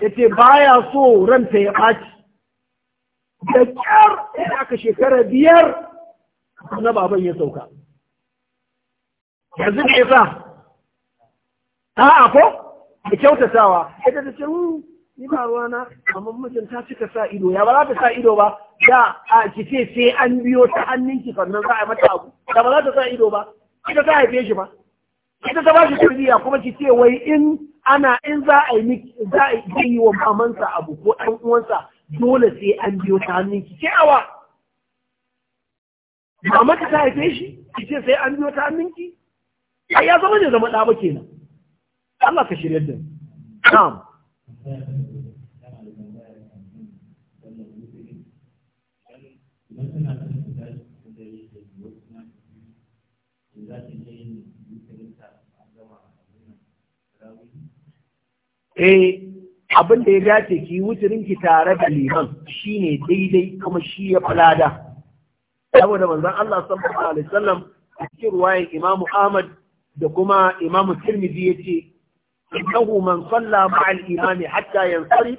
ya ce baya so ranta ya ɓaci da kyar da aka shekara biyar na baban ya sauka yanzu da yasa a'a ko da kyautatawa ita da ce hmm, ni ba na. amma mijin ta cika sa ido ya ba za ta sa ido ba da a ki sai an biyo ta hannun ki sannan za a mata abu da ba za ta sa ido ba ita ta haife shi ba ita ta ba shi tarbiyya kuma ki ce wai in ana in za a yi za a yi wa mamansa abu ko ɗan uwansa dole sai an biyo ta hannun ki ba maka ta haife shi ki ce sai an biyo ta hannun ki ai ya zama ne zama da ba kenan Allah ka shirya da na'am Eh, abin da ya dace ki wucirin ki tare da liman shine daidai kuma shi ya falada saboda manzon Allah sallallahu alaihi wasallam a cikin ruwayan Imam Ahmad da kuma Imam Tirmidhi yace innahu man salla ma'al imami hatta yansari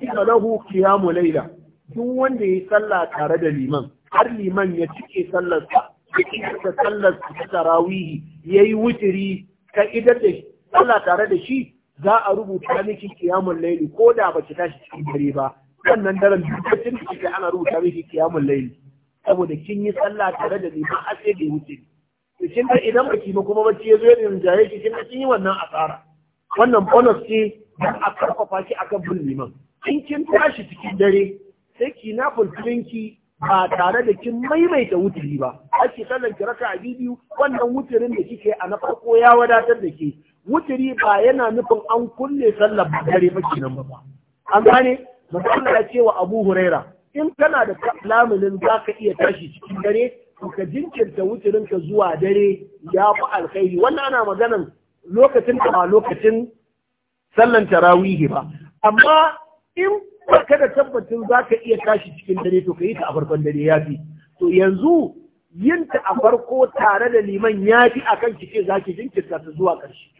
kuma lahu qiyamu layla duk wanda ya salla tare da liman har liman ya cike sallarsa ya cike sallarsa ta tarawihi yayi wutiri ka idar da sallah tare da shi za a rubuta miki kiyamun laili ko da ba ki tashi cikin dare ba wannan daren lokacin da ana rubuta miki kiyamun laili saboda kin yi sallah tare da ba a sai da wuce to kin da idan ba ki kuma bacci ya zo ya rinjaye ki kin yi wannan asara wannan bonus ce da a karfafa ki akan bin liman in kin tashi cikin dare sai ki na ki ba tare da kin maimaita wuturi ba ake sallan ki raka'a biyu wannan wuturin da kike a na farko ya wadatar da ke wuturi ba yana nufin an kulle sallar dare ba kenan ba an gane musamman ya ce wa abu huraira in kana da lamunin za ka iya tashi cikin dare ka jinkirta ka zuwa dare ya fi alkhairi wannan ana maganan lokacin da ba lokacin sallan tarawihi ba amma in ka da tabbacin za ka iya tashi cikin dare to ka yi ta a farkon dare ya fi to yanzu yin ta a farko tare da liman ya fi akan kike za ki jinkirta ta zuwa ƙarshe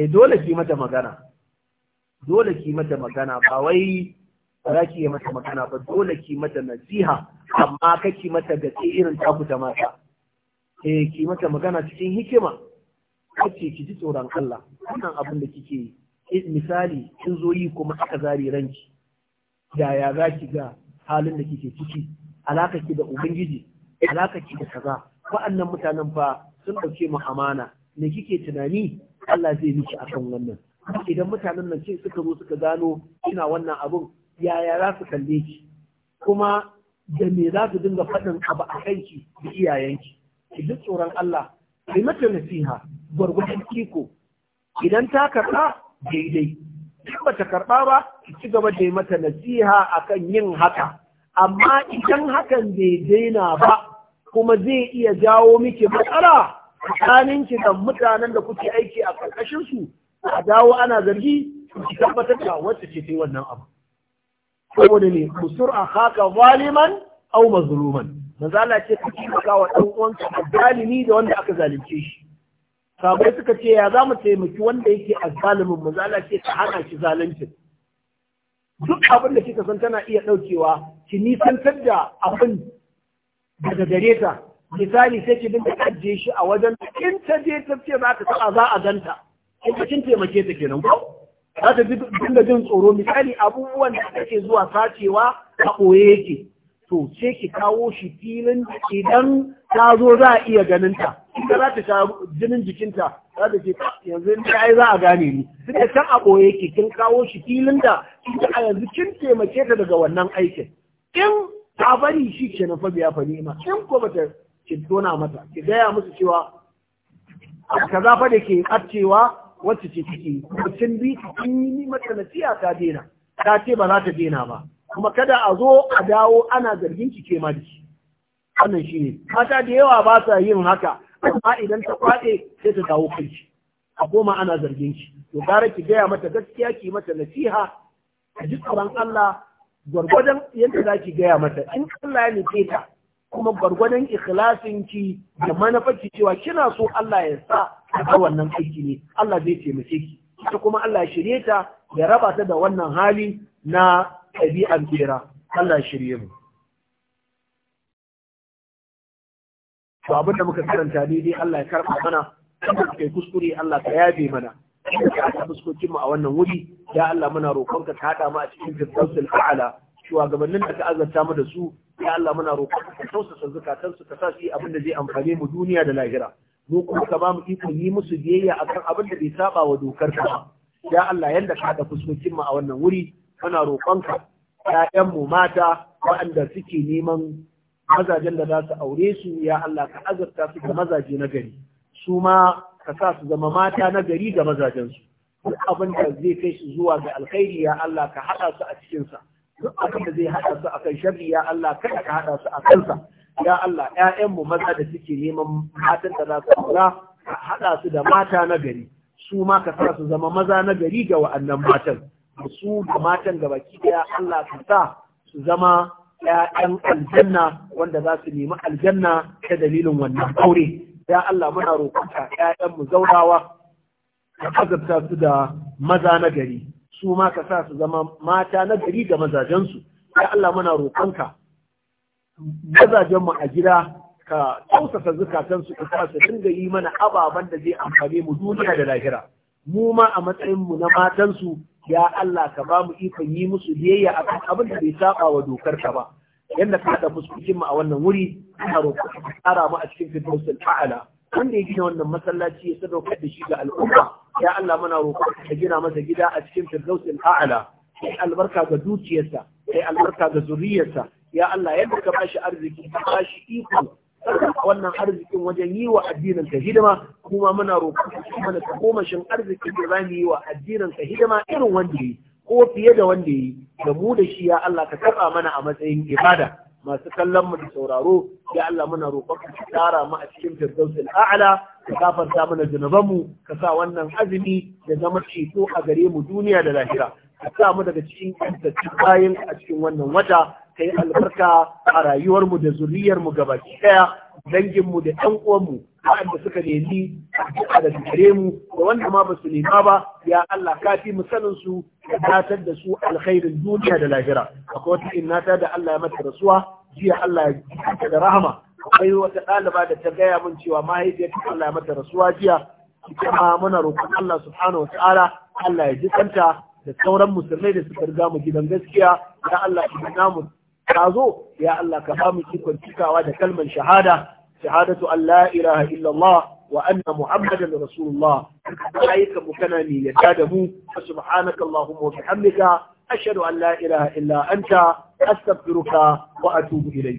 eh dole ki mata magana dole ki mata magana ba wai za ki mata magana ba dole ki mata nasiha amma kake mata ke irin taku ta mata eh ki mata magana cikin hikima kace ki ji tsoron Allah wannan abin da kike yi eh, misali kin zo yi kuma aka zari ranki ya za ki ga halin da kike ciki ki da ubangiji ki da kaza wa'annan mutanen fa sun dauke mu amana me kike tunani Allah zai miki kan wannan idan mutanen nan ce suka zo suka gano ina wannan abun yaya za su kalle ki kuma da me za su dinga faɗin abu a ki da iyayenki ki ji tsoron Allah kai mata nasiha gwargwadon kiko idan ta karɓa daidai in ba ta karɓa ba ki ci gaba da mata nasiha akan yin haka amma idan hakan bai daina ba kuma zai iya jawo miki matsala tsakaninki da mutanen da kuke aiki a ƙarƙashin su a dawo ana zargi ki tabbatar da wacce ce ta wannan abu saboda ne kusur a haka zaliman au mazluman Mazala ce ta maka wa ɗan uwanka zalimi da wanda aka zalunce shi sabai suka ce ya za mu taimaki wanda yake a zalimin mazala ce ta hana shi zalunci duk abin da kika san tana iya ɗaukewa ki nisantar da abin daga gare ta misali sai ki dinga ajiye shi a wajen in ta je ta ce za ta taba za a ganta in ka kin taimake ta kenan ko za ta dinga jin tsoro misali abubuwan da take zuwa sacewa a ɓoye yake to sai ki kawo shi filin idan ta zo za a iya ganin ta In ta za ta sha jinin jikinta za ta ce yanzu in ta yi za a gane ni duk da can a ɓoye yake kin kawo shi filin da ita ta yanzu kin taimake ta daga wannan aikin in ta bari shi kenan fa biya fa in ko bata ki tona mata ki gaya musu cewa kaza fa da ke ɓacewa wacce ce ciki mutum bi in yi mata nasiha ta dena ta ce ba za ta dena ba kuma kada a zo a dawo ana zargin ki ke shi. wannan shi ne mata da yawa ba sa yin haka amma idan ta kwaɗe sai ta dawo kai a koma ana zargin shi. to gara ki gaya mata gaskiya ki mata nasiha a ji tsoron Allah gwargwadon yadda za ki gaya mata in Allah ya nufe ta kuma gwargwadon ikhlasin ki da manufarki cewa kina so Allah ya sa a wannan aiki ne Allah zai taimake ki ita kuma Allah ya shirye ta ya raba ta da wannan hali na ɗabi'ar kera Allah shirye mu to abin da muka karanta ne dai Allah ya karɓa mana kuma kai kuskure Allah ka yabe mana ka ta fuskokin mu a wannan wuri ya Allah muna roƙonka ka hada mu a cikin firdausul a'la shugabannin da ka azarta mu da su ya Allah muna roƙon ka tausasa zakatan su ka sa su yi abin da zai amfane mu duniya da lahira mu kuma ka ba mu yi musu biyayya akan abin da bai saba wa dokar ka ya Allah yanda ka da fuskokin mu a wannan wuri muna roƙon ka ƴaƴan mu mata waɗanda suke neman mazajen da za su aure su ya Allah ka azurta su da mazaje na gari su ma ka sa su zama mata na gari ga mazajensu duk abin da zai kai su zuwa ga alkhairi ya Allah ka haɗa su a cikinsa duk abin da zai haɗa su akan sharri ya Allah kada ka haɗa su a kansa ya Allah ƴaƴanmu maza da suke neman matan da za su aura ka haɗa su da mata na gari su ma ka sa su zama maza na gari ga wa'annan matan su da matan ga baki ya Allah ka sa su zama ƴaƴan aljanna wanda za su nemi aljanna ta dalilin wannan aure ya Allah muna roƙonka ƴaƴan mu zaurawa ka azabta su da maza na gari su ma ka sa su zama mata na gari ga mazajensu ya Allah muna roƙonka mazajenmu a gida ka tausasa zukatansu ka sa su dinga yi mana ababen da zai amfane mu duniya da lahira mu ma a matsayinmu na matansu ya Allah ka ba mu ikon yi musu biyayya akan abin da bai saba wa dokar ka ba yadda ka da fuskokin mu a wannan wuri ina roƙon ka tsara mu a cikin fitrusal fa'ala wanda ya gina wannan masallaci ya sadaukar da shi ga al'umma ya Allah muna roƙon ka gina masa gida a cikin firdausil a'la kai albarka ga dukiyarsa kai albarka ga zuriyarsa ya Allah yadda ka bashi arziki ka bashi iko wannan arzikin wajen yi wa addinin ka hidima kuma muna roƙon ka mana tagomashin arzikin da zamu yi wa addinin ka hidima irin wanda yi ko fiye da wanda yi da mu da shi ya Allah ka taɓa mana a matsayin ibada masu kallon mu da sauraro ya Allah muna roƙon ka tara mu a cikin firdausul a'la ka kafarta mana zunuban mu ka sa wannan azumi ya zama ceto a gare mu duniya da lahira ka sa mu daga cikin kantattun bayan a cikin wannan wata kai albarka a rayuwar mu da zuriyar mu gabaki danginmu da ɗan uwanmu waɗanda suka nemi addu'a da gare mu da wanda ma ba su nema ba ya Allah ka fi mu sanin su da datar da su alkhairin duniya da lahira akwai wata ta da Allah ya mata rasuwa jiya Allah ya ji da rahama akwai wata ɗaliba da ta gaya min cewa mahaifiyar Allah ya mata rasuwa jiya kuma muna roƙon Allah subhanahu wataala Allah ya ji kanta da sauran musulmai da suka riga mu gidan gaskiya ya Allah ya mu ka zo ya Allah ka bamu ikon cikawa da kalmar shahada shahadatu allah ilaha illallah wa anna muhammadan rasulullah ayyukan mu kana ni ya da mu subhanaka allahumma wa bihamdika ashhadu an la ilaha illa anta astaghfiruka wa atubu ilayk